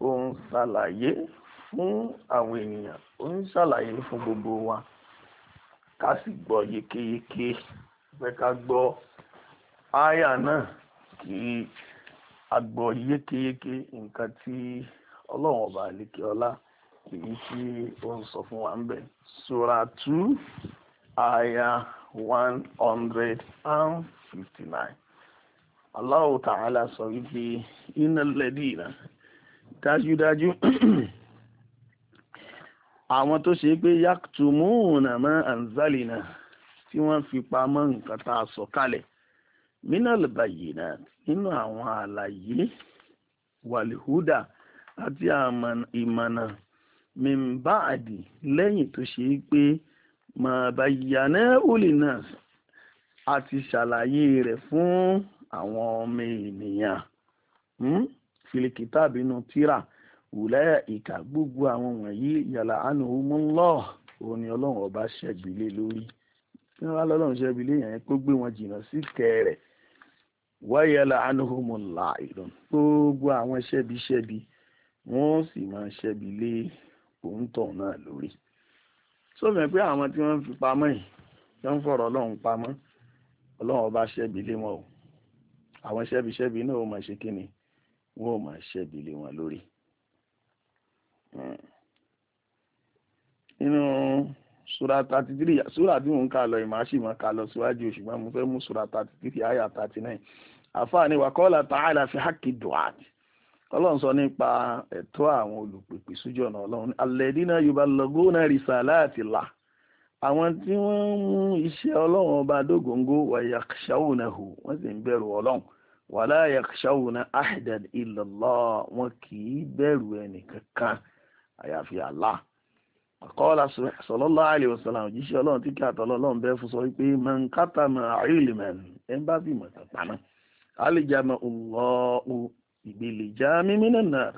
ó ń ṣàlàyé fún àwọn ènìyàn ó ń ṣàlàyé fún gbogbo wa ká sì gbọ́ yékéyéké pé ká gbọ́ àyà náà kí a gbọ́ yékéyéké nǹkan tí ọlọ́run ọba àlékè ọlá èyí tí ó ń sọ fún wa ń bẹ̀ sura two àyà one hundred and fifty nine Allah ta'ala sọ wípé iná lẹ́dí náà. dájúdájú àwọn tó ṣe pé yàtúmùnà mọ́ anzalina tí wọ́n fi pamọ́ nǹkan tá a sọ kalẹ̀ mínàlùbàyìnà nínú àwọn àlàyé wàlíhúdà àti ìmọ̀nà mímbáàdì lẹ́yìn tó ṣe pé màbàyànà olìnà àti ṣàlàyé rẹ̀ fún àwọn ọmọ ènìyàn. Hmm? filikita bínú tíra wùlẹ́ ìka gbogbo àwọn wọ̀nyí yàrá àánú mọ́lọ́ òun ni ọlọ́run ọba ṣẹ́bi lé lórí tí wọ́n bá lọ́lọ́run ṣẹ́bi lé yẹn kó gbé wọn jìnnà sí kẹrẹ̀ wáyẹ̀lá anuhumula ìlọ́n gbogbo àwọn ṣẹ́bi-ṣẹ́bi wọ́n sì máa ṣẹ́bi lé òǹtọ̀ náà lórí. sọ́fẹ̀ pé àwọn tí wọ́n fi pamọ́ yìí tó ń fọ̀rọ̀ ọlọ́run pamọ́ ọlọ́run ọba ṣẹ́bi wọn o àwọn ṣẹ́bi náà ó máa ṣe kí wọ́n ò máa ṣẹ́bi lé wọn lórí. nínú sura thirty three sura tí mò ń kà lọ ìmáṣí máa kà lọ síwájú ṣùgbọ́n mo fẹ́ mú sura thirty three àyà thirty nine àfààní wàkọ́lá ta'ala fi hákì du'at ọlọ́run sọ nípa ẹ̀tọ́ àwọn olùpèpè sójú ọ̀nà ọlọ́run alladina yubalaguna risalatillah àwọn tí wọ́n ń mú iṣẹ́ ọlọ́run ọba dógóńgó wa yakhshawnahu wọ́n sì ń bẹ̀rù ọlọ́run wàlá yakhshawna ahadan illa Allah wọn kì í bẹ̀rù ẹnì kankan àyàfi Allah àkọọ́lá sallallahu alaihi wasallam òjíṣẹ́ ọlọ́run tí kí àtọ́lọ́lọ́run bẹ́ẹ̀ fún sọ wípé man katama ilman ẹ̀ ń bá bí mọ̀tà paná alìjàmà Allahu ìgbèlèjà mímínà náà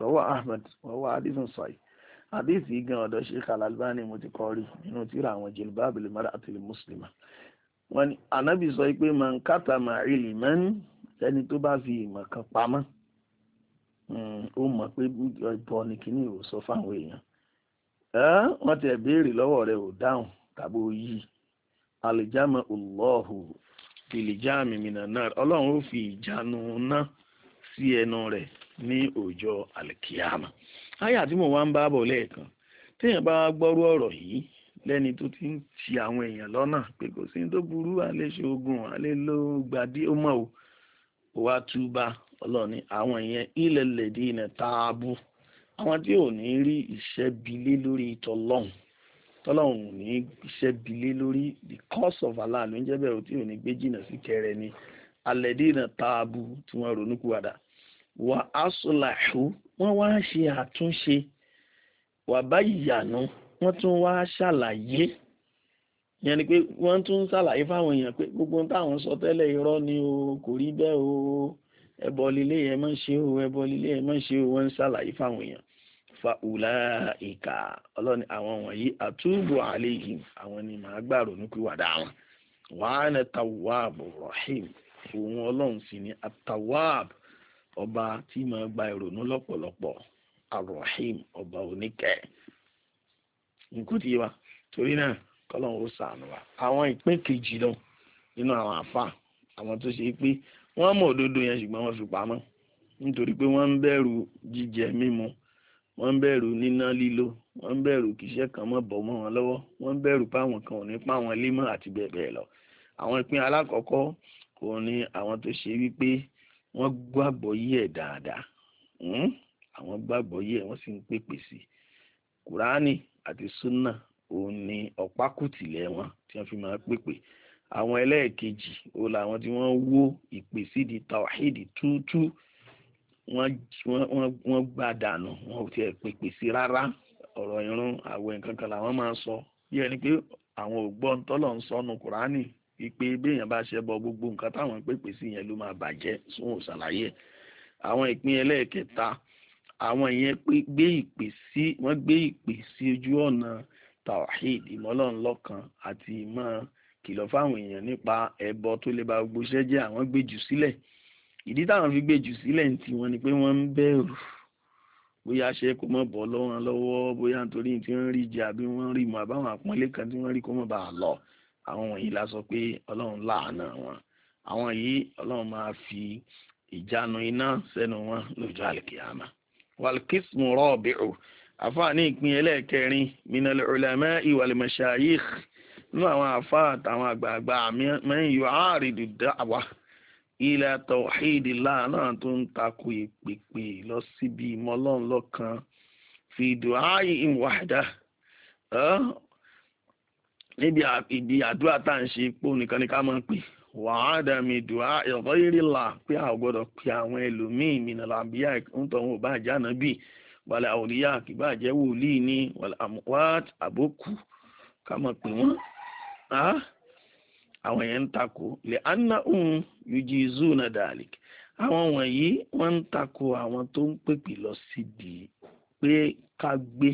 lọ́wọ́ Ahmad lọ́wọ́ adísùn sọ̀yì àdísì gan ọ̀dọ̀ Sheikh Al-Albani mo ti kọ́ rí nínú tíra àwọn jilbab al-mar'ati al wọn ni ànábì sọ pé man katama ilman tẹni tó bá fi ìmọ̀ kan pamọ́ hmm, ó mọ̀ pé ìbọn ni kíní ò sọ fáwọn èèyàn wọ́n ti ẹ̀ lọ́wọ́ rẹ̀ ò dáhùn tàbí ó yí alìjámà ọlọ́hù fìlìjáàmì ọlọ́run fi ìjánu náà sí ẹnu rẹ̀ ní ojo àlìkíyàmà tí mo wá ń bá bọ̀ lẹ́ẹ̀kan bá gbọ́rú ọ̀rọ̀ yìí lẹ́ni tó ti ń ti àwọn èèyàn lọ́nà pé kò sí ní tó burú a ṣe oògùn gbàdí wa túbá ọlọ́ọ̀ni àwọn ìyẹn ilẹ̀ lèdí ilẹ̀ tààbù àwọn tí ò ní rí ìṣẹ́bilé lórí tọlọ́hun tọlọ́hun ò ní ìṣẹ́bilé lórí the cause of Allah ló ń jẹ́ bẹ́ẹ̀ tí ò ní gbé jìnnà sí kẹrẹ ni alẹ́dí ilẹ̀ tààbù tí wọ́n ronú kúwàdà wà asùlàṣù wọ́n wá ṣe àtúnṣe wà báyìí yànú wọ́n tún wá ṣàlàyé yẹn ni pé wọ́n tún ń ṣàlàyé fáwọn èèyàn pé gbogbo ohun táwọn sọ tẹ́lẹ̀ irọ́ ni o kò rí bẹ́ẹ̀ o ẹbọ lílé yẹn máa ń ṣe o ẹbọ lílé yẹn máa ṣe o wọ́n ń ṣàlàyé fáwọn èèyàn fa ùlà ìkà ọlọ́ni àwọn wọ̀nyí àtúbù àléhìn àwọn ni màá gbàrò ní pìwàdà wọn wàá nà tàwáàbù rahim òun ọlọ́run sì ni àtàwáàb ọba tí màá gba ìrònú lọ́pọ̀lọpọ̀ àròhìm ọba oníkẹ́ nkùtì torí náà kọ́lọ́n ó sànù wa àwọn ìpín kejì lọ nínú àwọn àfà àwọn tó ṣe pé wọ́n mọ̀ òdodo yẹn ṣùgbọ́n wọ́n fi pamọ́ nítorí pé wọ́n ń bẹ̀rù jíjẹ mímu wọ́n ń bẹ̀rù níná lílo wọ́n ń bẹ̀rù kíṣẹ́ kan mọ́ bọ̀ mọ́ wọn lọ́wọ́ wọ́n ń bẹ̀rù páwọn kan ò ní pa wọn lé mọ́ àti bẹ́ẹ̀ bẹ́ẹ̀ lọ àwọn ìpín alákọ̀ọ́kọ́ kò ní àwọn tó ṣe wípé wọ́n gbàgbọ́ yí ẹ̀ dáadáa hmm? àwọn gbàgbọ́ yí ẹ̀ wọ́n sì ń pèpè sí kùránì àti súnà òun ni ọ̀pákùtìlẹ̀ wọn tí wọ́n fi máa pèpè àwọn ẹlẹ́ẹ̀kejì ó làwọn tí wọ́n wó ìpèsídìí tawhidi túútú wọ́n gbà dànù wọn ò tiẹ̀ pèpè sí rárá ọ̀rọ̀ irun àwẹ̀ nǹkan kan làwọn máa sọ bí ẹni pé àwọn ò gbọ́ ntọ́lọ̀ ń sọnu kùránì wípé béèyàn bá ṣe bọ gbogbo nǹkan táwọn pèpè sí yẹn ló máa bàjẹ́ sún ò ṣàlàyé àwọn ìpín ẹlẹ́ẹ̀kẹta àwọn ìyẹn gbé ìpè sí wọ́n gbé ìpè sí ojú ọ̀nà tawhid ìmọ̀lọ́run lọ́kan àti ìmọ̀ kìlọ̀ fáwọn èèyàn nípa ẹbọ tó lè ba gbogbo iṣẹ́ jẹ́ àwọn gbé jù sílẹ̀ ìdí táwọn fi gbé jù sílẹ̀ ní tiwọn ni pé wọ́n ń bẹ̀rù bóyá ṣe kó mọ̀ bọ́ lọ́wọ́ lọ́wọ́ bóyá nítorí tí wọ́n rí jẹ àbí wọ́n rí mu àbáwọn àpọ́nlé kan tí wọ́n rí kó mọ̀ bá a lọ àwọn wọ̀nyí la sọ pé ọlọ́run láàánà wọn àwọn yìí ọlọ́run máa fi ìjánu iná sẹ́nu wọn lójú àlìkìyàmà wàlkísmù rọ́ọ̀bì àfáàní ìpín ẹlẹ́ẹ̀kẹrin minal ulama wal mashayikh nínú àwọn àfáà àtàwọn àgbààgbà mẹ́rin yóò áàrìdì dáwà ila tawhidillah náà tó ń takò ìpèpè lọ síbi ìmọ̀lọ́n lọ́kan fi du'a'i wahda níbi ìdí àdúrà tá à ń ṣe pé nìkan ni ká máa pè wàhádà mi dùá ẹ̀rọ ìrìlà pé àwọn gbọ́dọ̀ pé àwọn ẹlòmíì mìíràn làbíyà ń tọ́ wọn ò bá àjànà bíi wàlẹ̀ àwòlíyà kìbá jẹ́ wòlíì ní wàlẹ̀ àmúwát àbókù ká mọ̀ pé wọ́n hmm. ah, àwọn yẹn ń takò lè anna òun yuji zuna dalik àwọn wọ̀nyí wọ́n ń takò àwọn tó ń pèpè lọ síbi pé ká gbé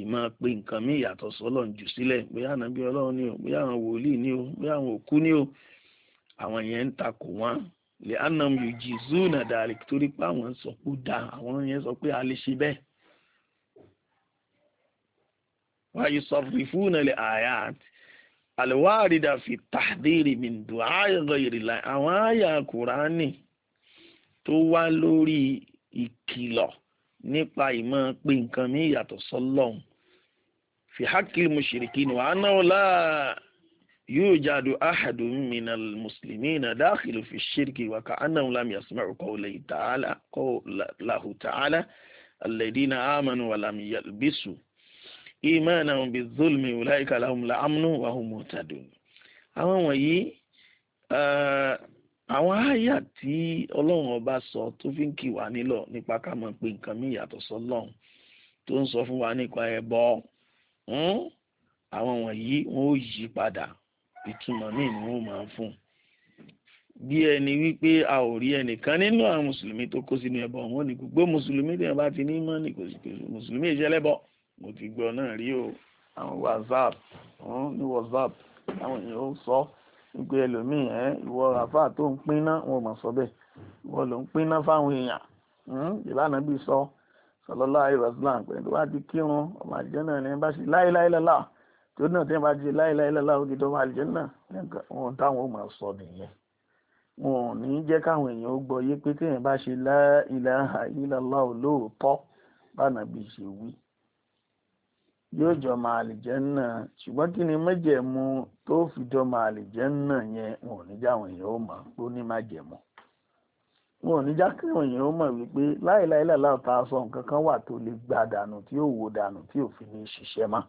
ìmọ̀ pé nǹkan mí ìyàtọ̀ sọ́lọ̀ ń jù sílẹ̀ bóyá ànábí ọlọ́run ni o bóyá àwọn wòlíì ni o bóyá àwọn òkú ni o àwọn yẹn ń takò wọ́n lè anam yóò jí zuna dàrí torí pé àwọn sọ pé da àwọn yẹn sọ pé a lè ṣe bẹ́ẹ̀. wáyé sọfì fún ilẹ̀ àyà àti àlùwárìdà fi tàdírì mi dùn àyàgọ ìrìlà àwọn àyà kùránì tó wá lórí ìkìlọ̀ nípa ìmọ̀ pé nǹkan mi yàtọ̀ sọ́lọ́hún fi hákìlì mushrikina wàá náwó láà yujadu ahadun minal muslimina dakhilu fi shirki wa ka'annahum lam yasma'u qawla ta'ala qawlahu ta'ala alladhina amanu wa lam yalbisu imanahum bizulmi ulaika lahum la'amnu wa hum muhtadun àwọn wọ̀nyí àwọn àyà tí ọlọ́run ọba sọ tó fi ń kì wá nílọ̀ nípa ká máa pe nǹkan mí yàtọ̀ sọ́lọ́run tó ń sọ fún wa nípa ẹbọ hmm? àwọn wọ̀nyí wọn ó yí padà ìtumọ̀ míì ni wọ́n máa ń fún un bí ẹni wípé a ò rí ẹnìkan nínú àwọn mùsùlùmí tó kó sínú ẹbọ wọn ni gbogbo mùsùlùmí tí wọn bá ti ní mọ ní kò sí mùsùlùmí ìṣẹlẹbọ mo ti gbọ́ náà rí o àwọn whatsapp wọn ní whatsapp àwọn èèyàn ó sọ wípé ẹlòmíì ẹ ìwọ rafa tó ń pín ná wọn ò mọ sọ bẹ́ẹ̀ ìwọ ló ń pín ná fáwọn èèyàn ìlànà hmm, bíi sọ sọlọlá ayélujára pẹ̀lú wá ti kírun ọmọ àjẹ náà ní bá ṣe láéláé lọlá tó náà tí wọ́n bá jẹ láìláìláìlá ògidì ọmọ àlùjànnà náà wọn táwọn ò máa sọ nìyẹn wọn ò ní jẹ́ káwọn èèyàn ó gbọ́ yé pé téèyàn bá ṣe lá ilaha illallah olóòótọ́ bánà bí ṣe wí yóò jọ máa àlùjànnà ṣùgbọ́n kí ni májẹ̀mú tó fi jọ máa àlùjànnà yẹn wọn ò ní já àwọn èèyàn ó mọ̀ pé ó ní májẹ̀mú wọn ò ní já káwọn èèyàn ó mọ̀ wípé láìláìláìlá ọ̀tá sọ nǹkan kan wà tó lè gbà dànù tí ó wò dànù tí ò fi ní ṣiṣẹ́ mọ́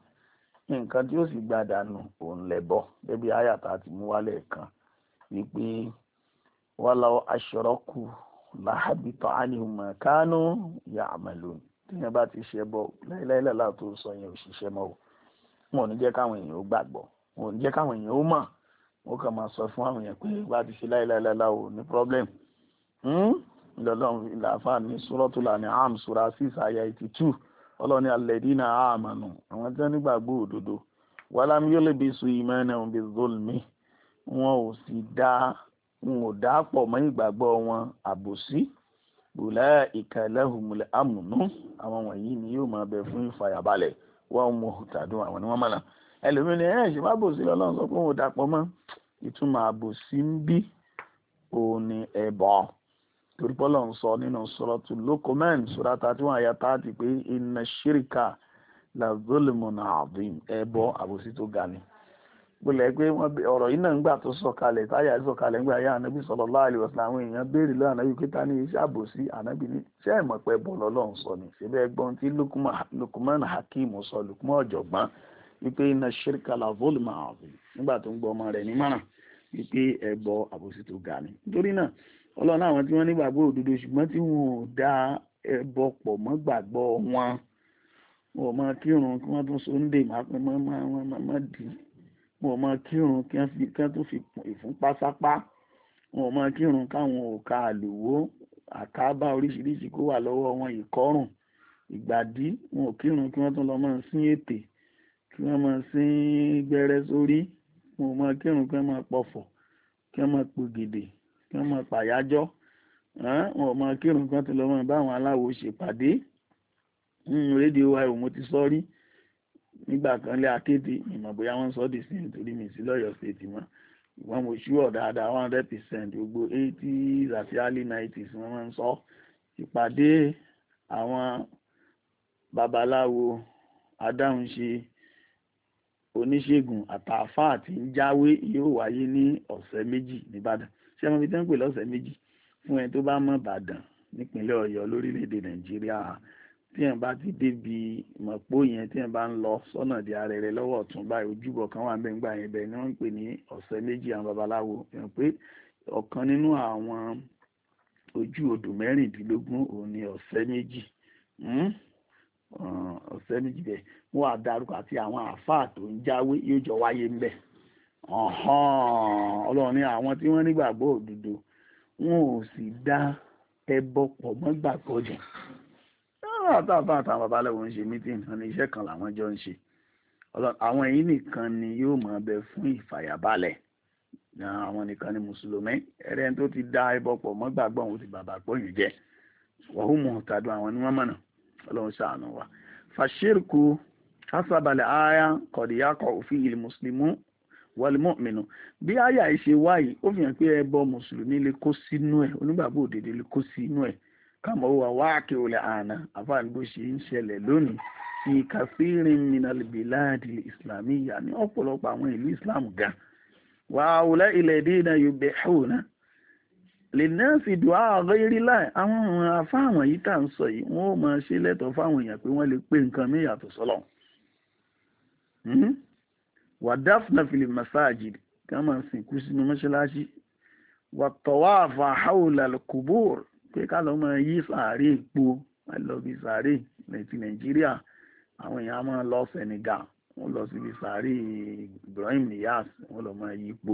nǹkan tí ó sì gbà dànù òun lẹ̀bọ gẹ́gẹ́ bí àyàtà ti mú wálẹ̀ kan wípé walaw ashraku làhábìtọ ànihùmọ kánú ya'malun tíyẹn bá ti ṣe bọ láìláìlà láti sọ yẹn òṣìṣẹ́ mọ́ o wọn ò ní jẹ́ káwọn èèyàn ó gbàgbọ́ wọn ò ní jẹ́ káwọn èèyàn ó mọ̀ ó kàn máa sọ fún àwọn èèyàn pé bá ti ṣe láìláìlà láò ní problem hmm? lọ́lọ́run ìlàfà ní suratul an'am sura six ayah eighty two ọlọ́run ní alladina amanu àwọn tí wọ́n nígbàgbọ́ òdodo walam yulbisu imanahum bizulmi wọn ò sì dá wọn ò dá pọ̀ mọ́ ìgbàgbọ́ wọn àbòsí ulaika lahumul amnu àwọn wọ̀nyí ni yóò máa bẹ fún ìfàyàbalẹ̀ wa hum muhtadun àwọn ni wọ́n mọ̀nà ẹlòmíràn ẹ̀ ṣe má bòsí lọ́lọ́run sọ pé wọn ò dá pọ̀ mọ́ ìtumọ̀ àbòsí ń bí òun ni ẹ̀bọ̀ torí pọ́lọ̀ ń nínú suratu Luqman sura thirty one àyà pé inna shirka la zulmun ẹ̀bọ àbòsí tó ga ni pé ọ̀rọ̀ yìí náà ń gbà tó sọ̀kalẹ̀ táyà sọ̀kalẹ̀ ń gbà yá ànábì sallallahu àwọn èèyàn béèrè lọ́wọ́ ànábì pé ta ni iṣẹ́ àbòsí ànábì ṣé ẹ̀mọ̀ pẹ́ ni ọlọ́run àwọn tí wọ́n ní gbàgbọ́ òdodo ṣùgbọ́n tí wọn ò da ẹbọ pọ̀ mọ́ gbàgbọ́ wọn wọn máa kírun kí wọ́n tún sóńdè máa pín mọ́ mọ́ dì í wọn máa kírun kí wọ́n tún fi ìfúnpá sápá wọn máa kírun káwọn òkà àlùwò àkàbà oríṣiríṣi kó wà lọ́wọ́ wọn ìkọrùn ìgbàdí wọn ò kírun kí wọ́n tún lọ máa sín ètè kí wọ́n máa sín gbẹ́rẹ́ sórí wọn máa kírun kí wọ́n máa pọ̀fọ̀ kí wọ́n máa pògèdè kí wọ́n máa pàyájọ́ wọn ò máa kírun kan tó lọ máa bá àwọn aláwo ṣèpàdé rédíò wa ò mo ti sọ rí nígbà kan lé akéde ìmọ̀ bóyá wọ́n sọ dì sí nítorí mi sí lọ́yọ̀ state mọ́ ìwọ́n mo ṣúọ̀ dáadáa one hundred percent gbogbo eighties àti early nineties wọ́n máa ń sọ ìpàdé àwọn babaláwo adáhunṣe oníṣègùn àtàfà àti ń jáwé yóò wáyé ní ọ̀sẹ̀ méjì nìbàdàn ṣé wọn fi tán pè lọ́sẹ̀ méjì fún ẹni tó bá mọ̀ Ìbàdàn nípínlẹ̀ Ọ̀yọ́ lórílẹ̀‐èdè Nàìjíríà tí ẹ̀ bá ti débi mọ̀pọ̀ yẹn tí ẹ̀ bá ń lọ sọ́nà di arẹrẹ lọ́wọ́ ọ̀tún báyìí ojúbọ kan wà bẹ́ẹ̀ gbà yẹn bẹ́ẹ̀ ni wọ́n ń pè ní ọ̀sẹ̀ méjì àwọn babaláwo ẹ̀ pé ọ̀kan nínú àwọn ojú odò mẹ́rìndínlógún òun ni ọ̀sẹ̀ méjì hmm? ọ̀sẹ̀ méjì bẹ́ẹ̀ wọ́n á darúkọ àti àwọn àáfàá tó ń jáwé yóò jọ wáyé ńbẹ̀ ọlọ́run ní àwọn tí wọ́n nígbàgbọ́ òdodo wọn ò sì dá ẹbọ pọ̀ mọ́ gbàgbọ́ jù látàbà àtàwọn babalẹ́wọ̀n ń ṣe mítìnì wọn ní iṣẹ́ kan làwọn jọ ń ṣe àwọn èyí nìkan ni yóò máa bẹ fún ìfàyàbalẹ̀ àwọn nìkan ni mùsùlùmí ẹ̀rẹ́ tó ti dá ẹbọ pọ̀ mọ́ gbàgbọ́ òun ti bàbá pọ̀ yìí jẹ́ wọ́n mú tàdún àwọn ni wọ́n mọ̀nà ọlọ́run ṣàánú wa fàṣírkù kásábalẹ̀ ààyà kọ̀díyàkọ̀ òfin ìlú mùsùlùmí wàlímọ́ọ̀mìnà bí àyà ìṣe wáyé ó fi hàn pé ẹbọ mùsùlùmí lè kó sínú ẹ̀ onígbàgbọ́ òdèdè lè kó sínú ẹ̀ káàmọ́ wà wáàkì olè àná àfáàgbò ṣe ń ṣẹlẹ̀ lónìí fi kàfíìrín minal biladi islamiyya ní ọ̀pọ̀lọpọ̀ àwọn ìlú islam ga wàá wùlá ilẹ̀ dínà yorùbá hùnà lè náà sì dùn àárọ̀ irílà àwọn afáwọn yìí tá ń sọ yìí wọn ò máa ṣe lẹ́tọ̀ọ́ fáwọn èèyàn pé wọ́n lè pé nǹkan mí yàtọ̀ sọ́lọ́run hmm? wà dáfnà fìlì masajid ká máa sìnkú sínú mọ́ṣáláṣí wà tọ́wáàfà haúlà kùbúr pé ká lọ́ máa yí sàárè epo àìlọ́bí sàárè ti nàìjíríà àwọn èèyàn máa lọ Senegal wọ́n lọ síbi sàárè Ibrahim Niyas wọ́n lọ máa yí epo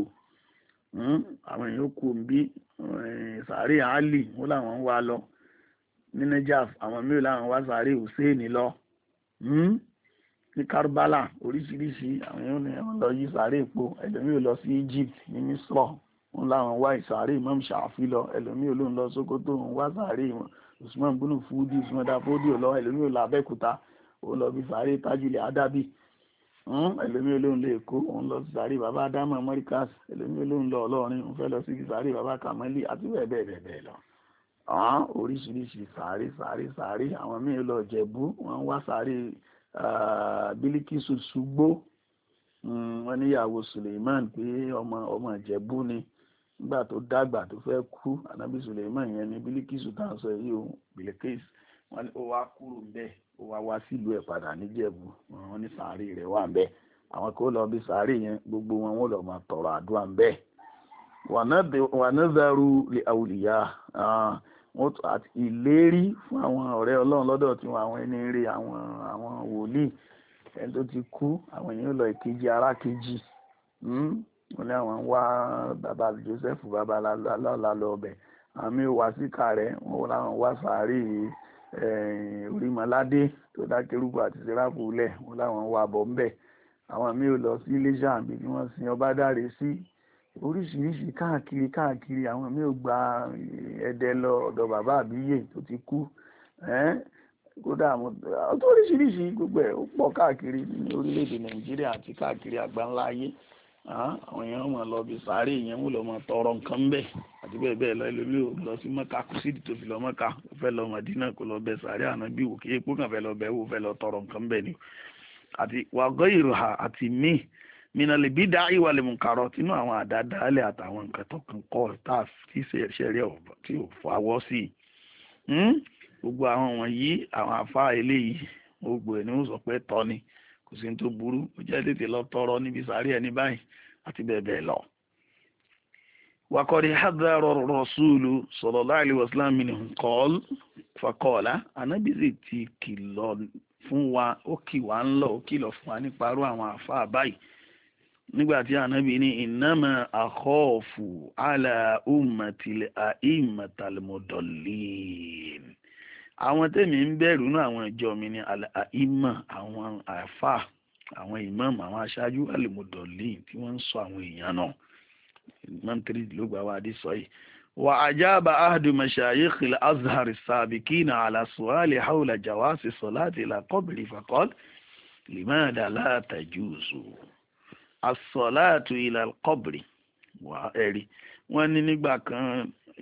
hmm, àwọn èèyàn kò ń bí eh, sàárè Ali wọ́n làwọn ń wá lọ ní Niger àwọn mìíràn làwọn wá sàárè Hussein lọ. Hmm, ní Karbala oríṣiríṣi àwọn yóò ní wọn lọ yí sàárè epo ẹlòmíì ò lọ sí Egypt ní Misra ń láwọn wá ìsàárè Imam Ṣàfi lọ ẹlòmíì ò lóun lọ Sokoto ń wá sàárè wọn Usman bunu fúdì Usman dafodi ò lọ ẹlòmíì ò lọ Abẹ́òkúta ó lọ bí sàárè Tajulẹ̀ Adabi hmm, ẹlòmí olóhùn lè kó òun lọ sí sàárì bàbá Adamu Amorikas ẹlòmí olóhùn lọ Ọlọ́run òun fẹ́ lọ sí sàárì bàbá Kamali àti bẹ́ẹ̀ bẹ́ẹ̀ bẹ́ẹ̀ bẹ́ẹ̀ lọ. Ah, oríṣiríṣi sàárì sàárì sàárì àwọn míì lọ Jẹ̀bú wọ́n wá sàárì Ah, bílíkìsù ṣùgbó hmm, wọn níyàwó suleiman pé ọmọ ọmọ ìjẹ̀bú ni nígbà tó dàgbà tó fẹ́ kú suleiman yẹn ni bílíkìsù tá sọ yìí o bílíkìsù wọn ni ó wá kúrò bẹ́ẹ̀ ó wá wá sílùú ẹ̀ padà níjẹ̀bú wọn ní sàárì rẹ̀ wà bẹ́ẹ̀ àwọn lọ bí sàárì yẹn gbogbo wọn wọn lọ tọrọ àdúrà bẹ́ẹ̀ náà àti ìlérí fún àwọn ọ̀rẹ́ ọlọ́run lọ́dọ̀ tiwọn àwọn ẹni eré àwọn àwọn wòlíì ẹni tó ti kú àwọn èèyàn lọ ìkejì ara kejì hmm? wọn ní àwọn ń wá bàbá Joseph bàbá lálọ́ọ̀lá lọ ọbẹ̀ mi wá síkà rẹ̀ wọn làwọn wá sàárè eh, Orímọládé tó dá kérúbù àti sẹ́ráfù lẹ̀ wọn làwọn wá bọ̀ ńbẹ̀ àwọn mi ò lọ sí iléṣà àbí tí wọ́n sin ọba sí oríṣiríṣi káàkiri káàkiri àwọn mi ò gba eh, ẹdẹ lọ ọ̀dọ̀ bàbá àbíyè tó ti kú eh, kódà àwọn tó oríṣiríṣi gbogbo ẹ̀ ó pọ̀ káàkiri ní orílẹ̀-èdè nàìjíríà àti káàkiri àgbáńlá ayé ah, àwọn èèyàn máa lọ bí sáré èèyàn wò lọ máa tọrọ nǹkan bẹ́ẹ̀ àti bẹ́ẹ̀ bẹ́ẹ̀ lọ ẹlòmíì ò lọ sí mọ́ka kùsìdì tó fi lọ mọ́ka ó fẹ́ lọ màdínà kó lọ bẹ sáré ànábì wò kí epo kàn fẹ́ lọ bẹ̀ wò fẹ́ lọ tọrọ nǹkan bẹ́ẹ̀ ni àti wàgọ́ ìròhà àti míì minali bídà ìwà lè mú kàrọ tínú àwọn àdáadáalẹ̀ àtàwọn nǹkan tó kàn kọ tá a fi ṣẹrí tí ò fọwọ́ sí i hmm? gbogbo àwọn wọ̀nyí àwọn afá eléyìí gbogbo ẹ̀ ní ó sọ pé tọ́ ni kò sí ní tó burú ó jẹ́ tètè lọ tọrọ níbi sàárì ẹni báyìí àti bẹ́ẹ̀ bẹ́ẹ̀ lọ. وقد حذر الرسول صلى الله عليه وسلم منهم قال فقال Ànábì sì ti kìlọ̀ fún wa ó kì wá ń lọ ó kìlọ̀ fún wa nípa irú àwọn àfáà báyìí nígbàtí ànábì ní ìnáma àkọ́ọ̀fù àlà ummatil a'immatal mudallin àwọn tèmi ń bẹ̀rù náà àwọn ìjọ mi ní àìmọ̀ àwọn àfà àwọn ìmáàmù àwọn aṣáájú al-mudallin tí wọ́n ń sọ àwọn èèyàn náà mọ́ntírì ló gbà wá dé sọ yìí. wà á jábà ahadu mashayikh al-azhar sabikina ala su'ali hawla jawasi salati la qabri faqad limada la tajuzu asọ̀láàtù ilà kọ́bìrì wà ẹ̀rí wọ́n ní nígbà kan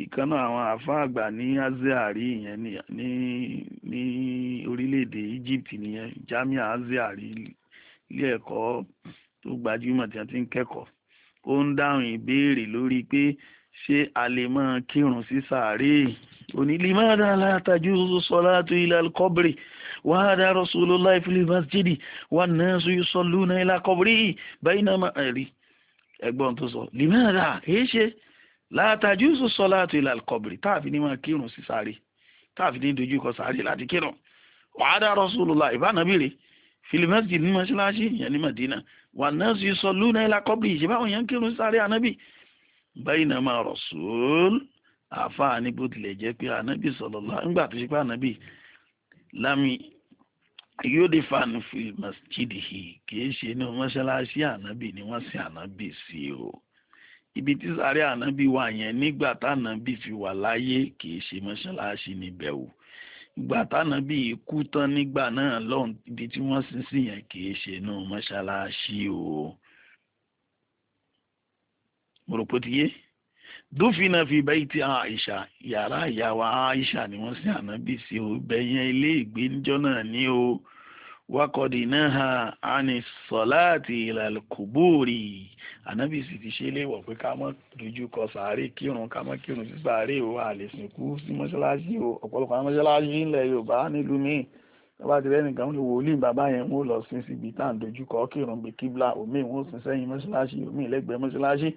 ìkan náà àwọn àáfàá àgbà ní azeari ìyẹn ní ní orílẹ̀-èdè Egypt nìyẹn Jamia azeari ilé ẹ̀kọ́ tó gbajúmọ̀ tí wọ́n ti ń kẹ́kọ̀ọ́ ó ń dáhùn ìbéèrè lórí pé ṣé a lè máa kírun sí sàárè onílé má látàjú sọlá tó ilà kọ́bìrì وهذا رسول الله في المسجد والناس يصلون إلى قبره بينما rí ẹgbọ́n tó sọ لماذا kìí ṣe لا تجوز الصلاة إلى القبر táàfin ní máa kírun sí sáré táàfin ní dojú kọ sáré láti kírun وهذا رسول الله ìbánabìrì في المسجد ní mọ́ṣáláṣí ìyẹn ní Madina والناس يصلون إلى قبره ìṣèbáwọn yẹn kírun sáré ànábì bainama rasul àfáà ní bó yudifan fi masjidihi kìí ṣe inú mọ́ṣáláṣí ànábì ni wọ́n sin ànábì sí o ibi tí sáré ànábì wà yẹn nígbà tánábì fi wà láyé kìí ṣe mọ́ṣáláṣí níbẹ̀ o ìgbà tánábì kú tán nígbà náà lọ́hùn ibi tí wọ́n sin sí yẹn kìí ṣe inú mọ́ṣáláṣí o mo rò pé ti yé dúfínà fi bayti àìṣà yàrá ìyàwó àìṣà ni wọ́n sin ànábì sí o bẹ̀yẹn ilé ìgbé níjọ́ náà ní o wákọ̀dì náà ha àní sọ̀láàtì ìlàlù kùbúrì ànábì sì ti ṣe léwọ̀ pé ká má dojú kọ sàárè kírun ká má kírun sí sàárè o àlè sìnkú sí mọ́ṣáláṣí o ọ̀pọ̀lọpọ̀ àwọn mọ́ṣáláṣí ilẹ̀ yorùbá nílùú míì bàbá ti rẹ́ni kan lè wòlíì bàbá yẹn wọ́n lọ sin síbi tá à ń dojúkọ kírun bíi kíbla omi wọ́n sin sẹ́yìn mọ́ṣáláṣí omi ìlẹ́gbẹ̀ẹ́ mọ́ṣáláṣí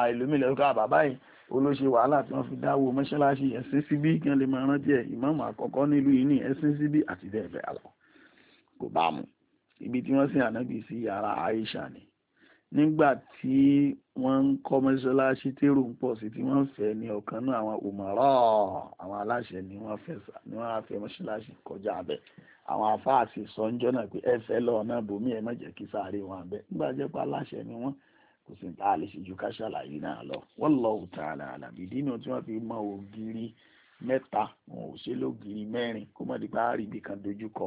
àìlómi ìlẹ́gbẹ̀ẹ́ bàbá yìí olóṣè wàhálà tí wọ́n fi dáwó mọ́ṣáláṣí ẹ̀sìn síbí kí wọ́n lè máa rántí ẹ̀ ìmáàmù àkọ́kọ́ nílùú yìí ní ẹ̀sìn àti bẹ́ẹ̀ bẹ́ẹ̀ lọ kò bá mu ibi tí wọ́n sin ànábì sí yàrá Aisha ni nígbà tí wọ́n ń kọ́ mọ́ṣáláṣí tèrò ń pọ̀ sí tí wọ́n fẹ́ ní ọ̀kan náà àwọn òmọ̀rọ̀ àwọn aláṣẹ ni wọ́n fẹ́ sà ni wọ́n fẹ́ mọ́ṣáláṣí kọjá abẹ́ àwọn afáàsì sọ́njọ́ náà pé ẹ fẹ́ lọ́ọ̀ náà bòmí ẹ má jẹ́ kí sáré wọn abẹ́ nígbà jẹ́ pé aláṣẹ ni wọ́n kò sí tá a lè ṣíjú ká ṣàlàyé náà lọ wallahu ta'ala alam ìdí ni tí wọ́n fi mọ ògiri mẹ́ta wọn ò ṣe lógiri mẹ́rin kó mọ̀ dípa àríbi kan dojúkọ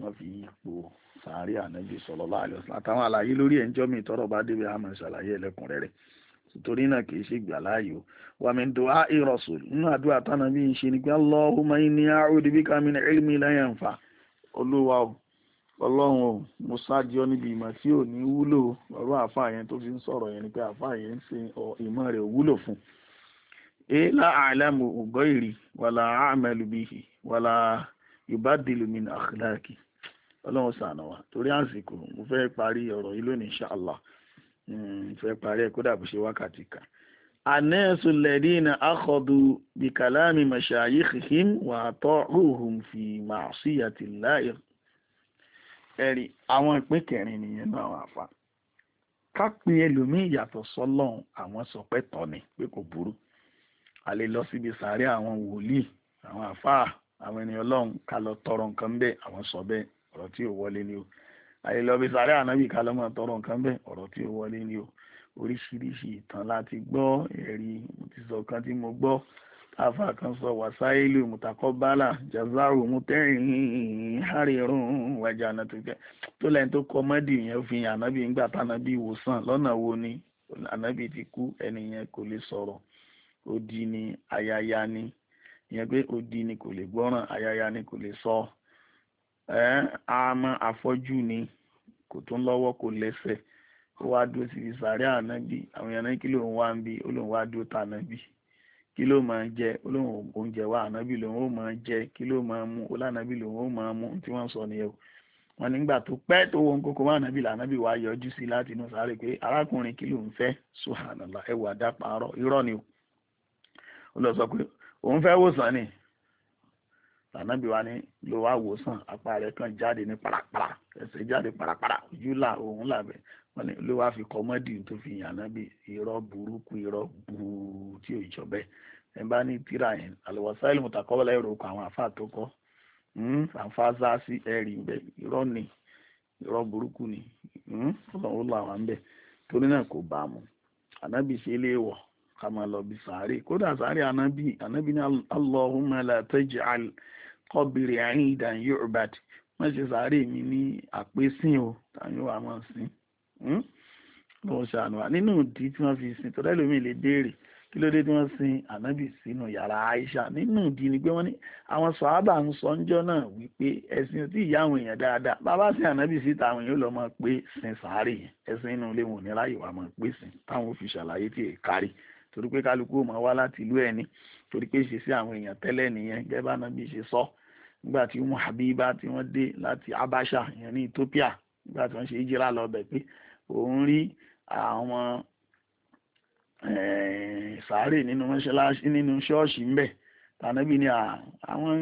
wọ́n fi ipò sàárì ànábì sallallahu alaihi wasallam àtàwọn àlàyé lórí ẹ̀ńjọ́ mi tọ́rọ̀ bá débi àmọ́ ṣàlàyé ẹlẹ́kùnrẹ́rẹ́ torí náà kì í ṣe gbà láàyò wa min du'a'i rasul nínú àdúrà tánà bí n ṣe ni pé Allahumma inni a'udhu bika min ilmin la yanfa olúwa ọlọ́run o mo ṣáájú ọ níbi ìmọ̀ tí ò ní wúlò ọ̀rọ̀ àfáà yẹn tó fi ń sọ̀rọ̀ yẹn ni pé àfáà yẹn ń ṣe ìmọ̀ rẹ̀ ò wúlò fún ela alamu ugbọ́ ìrì wàlà àmẹ́lùbíhì wàlà ìbádìlùmínà àkìláàkì ọlọ́run ṣàánú wa torí àsìkò mo fẹ́ parí ọ̀rọ̀ yìí lónìí ṣàlá hmm, fẹ́ parí ẹ̀ kódà bó ṣe wákàtí kan anẹ́sù àkọ́dù bìkàlámì mọ̀ṣáyí xìxìm wà tọ́ rúhùn fi màṣíyàtì láì ẹ̀rí àwọn ìpín kẹrin nìyẹn náà àwọn àfa ká pe ẹlòmíì yàtọ̀ àwọn sọ pé tọ́ ni pé kò burú a lè lọ síbi sàárẹ̀ àwọn wòlíì àwọn àfa àwọn ènìyàn ọlọ́run ká lọ tọrọ nǹkan bẹ́ẹ̀ àwọn sọ bẹ́ẹ̀ ọ̀rọ̀ tí ò wọlé ni o a lè lọ bí sàárẹ̀ ànábì ká lọ máa tọrọ nǹkan bẹ́ẹ̀ ọ̀rọ̀ tí ò wọlé ni o oríṣiríṣi ìtàn láti gbọ́ ẹ̀rí mo ti sọ kan tí mo gbọ́ afa kan sọ wasailu mutakọbala jazaru mutẹrin harirun wajana tukẹ tó lẹni tó kọmọdì yẹn fi ànábì ń gbà tánábì wòsàn lọ́nà wo ni anabi ti kú ẹnìyẹn kò lè sọ̀rọ̀ odi ni ayaya ni ìyẹn pé odi ni kò lè gbọ́ràn ayaya ni kò lè sọ ẹ àmọ́ afọ́jú ni kò tún lọ́wọ́ kò lẹ́sẹ̀ ó wá dúró síbi sàárẹ̀ ànábì àwọn èèyàn náà kí lòun wá ń bi ó lòun wá dúró tànábì kí ló máa jẹ olóhùn oúnjẹ wa ànábì lòun ó máa jẹ kí ló máa mú olànábì lòun ó máa mú tí wọ́n sọ nìyẹn o wọ́n nígbà tó pẹ́ tó wọn kókó wọn ànábì lànábì wa yọjú sí láti inú sáré pé arákùnrin kí ló ń fẹ́ subhanallah ẹ wà dá parọ́ irọ́ ni o ó pé òun fẹ́ wòsàn ni ànábì wa ni ló wá wòsàn apá rẹ̀ kan jáde ní parapara ẹsẹ̀ jáde parapara ojú là òun làbẹ̀ wọ́n ní ló wá fi kọ́mọ́dì tó fi yàn ànábì irọ́ burúkú irọ́ gbùù tí ò jọ bẹ́ẹ̀ ẹ bá ní tíra yẹn àlùwọ̀sáìlì mùtàkọ́wọ́lá ẹ̀rọ kọ àwọn àfáà tó kọ́ hmm, àǹfààṣá sí ẹ̀rì ń bẹ irọ́ ni irọ́ burúkú ni hmm, ó là wà ń bẹ torí náà kò bá mu ànábì ṣe lè wọ̀ ká máa lọ bí sàárè kódà sàárè ànábì ànábì ní allahumma la taj'al kọ́bìrì àárín ìdàn yorùbá tí wọ́n ṣe sáré mi ní àpésìn o tàbí wàá mọ̀ sí hmm? lọ́wọ́ ṣàánú wa nínú ìdí tí wọ́n fi sin tọ́lá ìlómi lè béèrè kí ló dé tí wọ́n sin ànábì sínú yàrá Aisha nínú ìdí ni pé wọ́n ní àwọn sọ̀hábà ń sọ ńjọ́ náà wípé ẹ̀sìn tí ìyá àwọn èèyàn dáadáa bàbá sin ànábì síta àwọn èèyàn lọ́ máa pé sin sàárè ẹ̀sìn inú ilé wọn ò ní ráyè wà máa pé sin táwọn ò fi ṣàlàyé tí èè kárí torí pé kálukú ò máa wá láti ìlú ẹ̀ ni torí pé ìṣesí àwọn èèyàn tẹ́lẹ̀ nìyẹn gẹ́gẹ́ bá nàbí ṣe sọ nígbà tí Umu Habiba tí wọ́n dé láti Abasha ìyẹn ní Ethiopia nígbà tí wọ́n ṣe ìjìrà lọ bẹ̀ pé òun rí àwọn eh, sàárè nínú mọ́ṣáláṣí nínú ṣọ́ọ̀ṣì ń tànàbí ni àwọn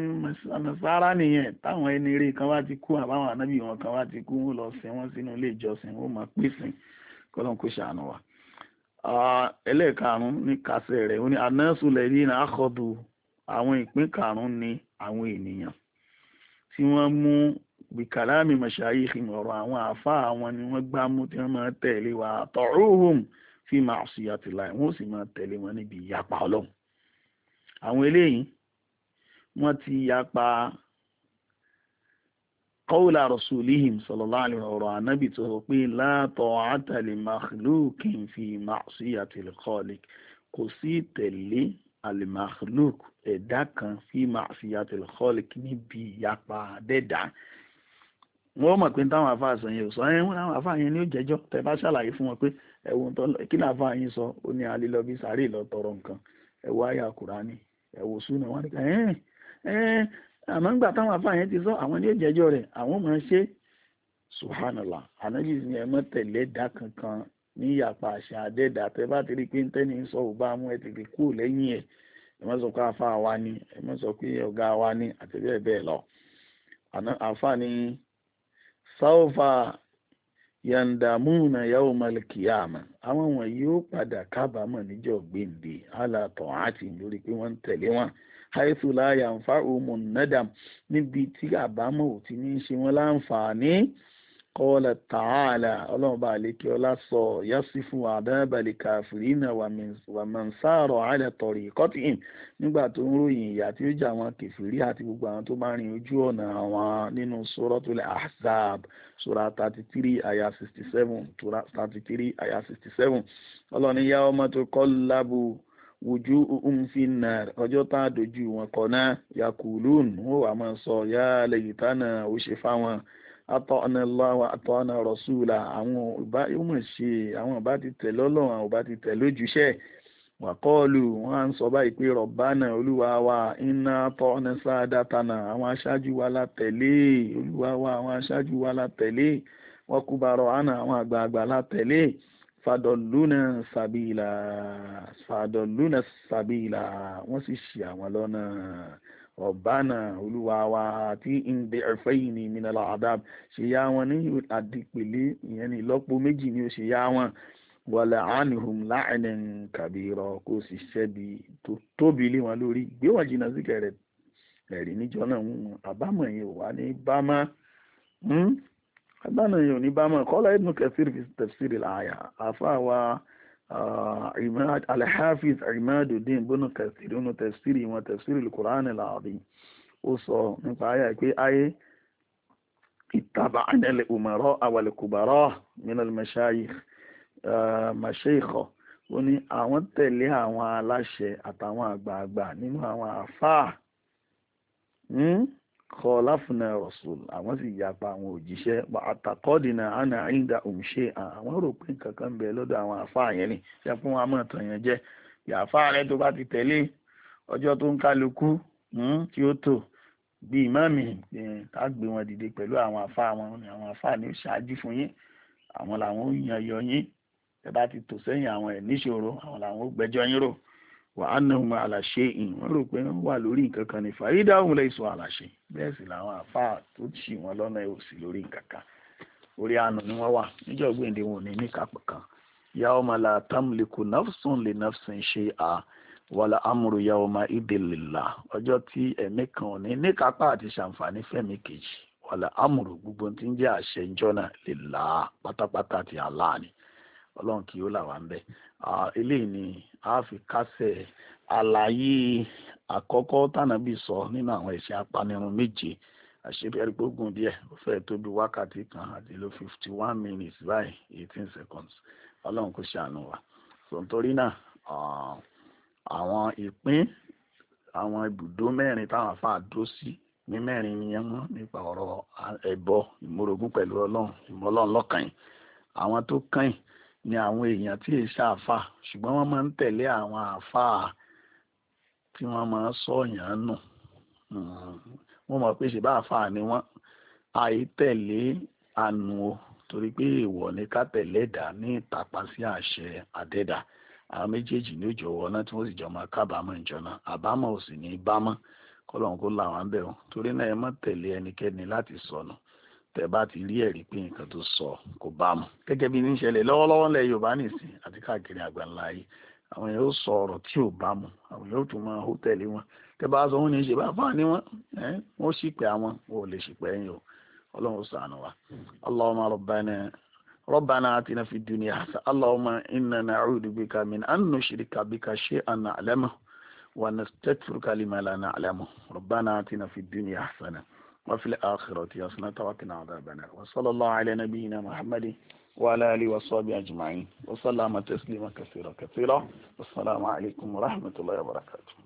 nasara nìyẹn táwọn ẹni eré kan bá ti kú àbáwọn ànábì wọn kan bá ti kú wọn lọ sin wọn sínú ilé ìjọsìn wọn máa pèsè kọlọ́n kó ṣàánú wa ẹlẹ́ẹ̀karùn-ún ní kásẹ̀ rẹ̀ ó ní anásùlẹ̀ ní àkọ́dù àwọn ìpín karùn-ún ní àwọn ènìyàn tí wọ́n mú bìkàlámì mọ̀ṣáyìí ọ̀rọ̀ àwọn àáfàá wọn ni wọ́n gbá mú tí wọ́n máa tẹ̀lé wa àtọ̀rọ̀hùn fi máa ṣì àtìláì wọ́n sì máa tẹ̀lé wọn níbi ìyapa ọlọ́run àwọn eléyìí wọ́n ti yapa قول رسولهم صلى الله عليه ànábì tó sọ pé la ta'ata li makhlukin fi ma'siyatil khaliq kò إذا tẹ̀lé alimakhluk ẹ̀dá kan fi ma'siyatil khaliq níbi ìyapa dẹ́dá wọ́n mọ̀ pé táwọn afáà sọ yẹn ò sọ ẹ́ wọ́n láwọn afáà yẹn ni ó jẹ́jọ́ tẹ́ bá ṣàlàyé fún wọn pé ẹ̀wọ̀n tó lọ kí láàfáà yín sọ ó ní alílọ́bí sáré lọ nǹkan ẹ̀wọ̀ àyà kùránì ẹ̀wọ̀ súnà wọn nígbà ẹ̀ ẹ̀ àmọ́ ń gbà táwọn afáàyàn ti sọ àwọn ní ìjẹ́jọ́ rẹ̀ àwọn máa ń ṣe subhanallah ànájì ni ẹ mọ́ tẹ̀lé ẹ̀dá kankan ní ìyàpá àṣà àdẹ́dà tẹ bá ti rí pé ntẹ́ni sọ ò bá mú ẹ tètè kú lẹ́yìn ẹ̀ ẹ mọ́ sọ pé afá wa ni ẹ mọ́ sọ pé ọ̀gá wa ni àti bẹ́ẹ̀ bẹ́ẹ̀ lọ afá ni sáwọ́fà yandamuna yawmal kiyama àwọn wọ̀nyí ó padà kábàámọ̀ níjọ́ gbèǹde alàtọ̀ àti lórí pé wọ́n ń tẹ̀lé wọn haithu la yanfa'uhum nadam níbi tí àbámọ̀ ò ti ní í ṣe wọ́n láǹfààní qala ta'ala ọlọ́run bá àlékè ọlá sọ yasifu adhabal kafirina wa man sara ala tariqatihim nígbà tó ń ròyìn ìyà tí ó jà àwọn kẹfìrí àti gbogbo àwọn tó bá rìn ojú ọ̀nà àwọn nínú suratul ahzab sura thirty three aya sixty seven thirty three aya sixty seven ọlọ́run yawma tuqallabu wojú umfin náà ọjọ́ tá a dojú wọn kọ náà yakulun wọn wà máa sọ ya lẹ́yìn tánà ó ṣe fáwọn atọ́nà lọ́wọ́ atọ́nà rọ̀ṣúlà àwọn ọba yóò mọ̀ ṣe àwọn ọba ti tẹ̀ lọ́lọ́run àwọn ọba ti tẹ̀ lójúṣẹ́ wàkọ́ọ̀lù wọn à ń sọ báyìí pé rọ̀bánà olúwa wa iná tọ́ọ̀nà sáadátànà àwọn aṣáájú wa la tẹ̀lé olúwa wa àwọn aṣáájú wa la tẹ̀lé wọ́n kú bàrọ̀ àná àwọn àgbààgbà la tẹ̀lé fàdọ̀lúnà sàbílà fàdọ̀lúnà sàbílà wọ́n sì ṣì àwọn lọ́nà ọ̀bánà olúwa wa tí ń bẹ ẹ̀fẹ́ yìí ní minala adab ṣe yá wọn ní àdìpèlé ìyẹn ní ìlọ́po méjì ni ó ṣe yá wọn wàlẹ̀ àánihùn láàrin kàbírọ̀ kó sì ṣẹ́bi tó tóbi lé wọn lórí gbé jìnnà síkẹ̀ rẹ̀ ẹ̀rí níjọ́ náà àbámọ̀ yẹn wà ní bámá agbára yìí ò ní bá mọ̀ kọ́lá ibn kathir fi tafsir al-aya àfáàwà ah, alhafiz imaduddin ibn kathir inú tafsir wọn tafsir al-quran al-azim ó sọ nípa aya pé ayé اتبعنا الأمراء والكبراء من المشايخ مشايخه ó ní àwọn tẹ̀lé àwọn aláṣẹ àtàwọn àgbààgbà nínú àwọn kọláfúnà rọ̀sùl àwọn sì yapa àwọn òjíṣẹ́ àtàkọ́dìnà àna àyíǹda òǹṣe àwọn rò pé nǹkan kan bẹ lọ́dọ̀ àwọn àfáà yẹn ni ṣe fún wa mọ̀ tàn yẹn jẹ́ yàfa rẹ tó bá ti tẹ̀lé ọjọ́ tó ń kálukú hmm, tí ó tò bí ìmáàmì eh, ká gbé wọn dìde pẹ̀lú àwọn àfáà wọn ni àwọn àfáà ni ṣáájú fún yín àwọn làwọn ó yan yọ yín ẹ bá ti tò sẹ́yìn àwọn ẹ̀ níṣòro àwọn làwọn ó gbẹ́jọ́ yín rò wà á nà wọn àlàṣe ìn wọn rò pé wọn wà lórí nǹkan kan ní fàyídà òun lè sọ àlàṣe bẹ́ẹ̀ sì làwọn àfáà tó ṣì wọn lọ́nà ẹ ò sí lórí nǹkan kan orí àánú ni wọn wà níjọ gbèǹde wọn ò ní ní kápẹ kan yà ọ ma la tamliku nafsun li nafsin ṣe à wàlà amúru yà ọ ma ìdèlélà ọjọ́ tí ẹ̀mí kan ò ní ní kápá àti ṣàǹfààní fẹ̀mí kejì wàlà amúru gbogbo tí ń jẹ àṣẹ ìjọ náà pátápátá ti àlá ni ọlọ́run kì yóò là wá ń bẹ̀ eléyìí ni a fi kásẹ̀ àlàyé àkọ́kọ́ tànàbí sọ nínú àwọn ẹ̀ṣẹ̀ apanirun méje àṣebẹ́rẹ́gbógun díẹ̀ ó fẹ́ tóbi wákàtí kan àti ló fifty one minutes by eighteen seconds ọlọ́run kò ṣàánú wa sọ̀ntorí náà àwọn ìpín àwọn ibùdó mẹ́rin táwọn afáà dúró sí ní mẹ́rin ni wọ́n nípa ọ̀rọ̀ ẹ̀bọ ìmúrogún pẹ̀lú ọlọ́run ìmọ̀ọ́lọ́run lọ́kàn yìí àwọn tó kàn yìí ni àwọn èèyàn tí èsì àáfà ṣùgbọ́n wọ́n máa ń tẹ̀lé àwọn àáfà tí wọ́n máa ń sọ̀yàn nù wọ́n hmm. mọ̀ pé ṣèbá àáfà ni wọ́n àìtẹ̀lé àánú o torí pé èèwọ̀ ni ká tẹ̀lé ẹ̀dá ní ìtàpá sí àṣẹ àdẹ́dà àwọn méjèèjì ní òjò wọ náà tí wọ́n sì jọ máa kábàámọ̀ ìjọna àbámọ̀ ò sì ní í bámọ̀ kọ́lọ́hún kó làwọn bẹ̀ torí náà ẹ má tẹ̀lé ẹnikẹ́ni láti sọnù tẹ́ bá ti rí ẹ̀rí pé nǹkan tó sọ kò bá mu gẹ́gẹ́ bí ní ìṣẹ̀lẹ̀ lọ́wọ́lọ́wọ́ lẹ yorùbá nìsín àti káàkiri àgbáńlá yìí àwọn yóò sọ ọ̀rọ̀ tí ò bá mu àwọn yóò tún máa hó tẹ̀lé wọn tẹ́ bá sọ wọn ní ṣe bá fà ní wọn ẹ wọn sì pé àwọn wọn ò lè sì pé ẹ̀yin o Ọlọ́run ṣàánú wa Allahumma rabbana rabbana atina fid dunya hasa Allahumma inna na'udhu bika min an nushrika bika shay'an na'lamuhu wa nastaghfiruka lima la na'lamuhu rabbana atina fid dunya hasana. وفي الآخرة يصنع وقنا عذابنا وصلى الله على نبينا محمد وعلى آله وصحبه أجمعين وسلم تسليما كثيرا كثيرا والسلام عليكم ورحمة الله وبركاته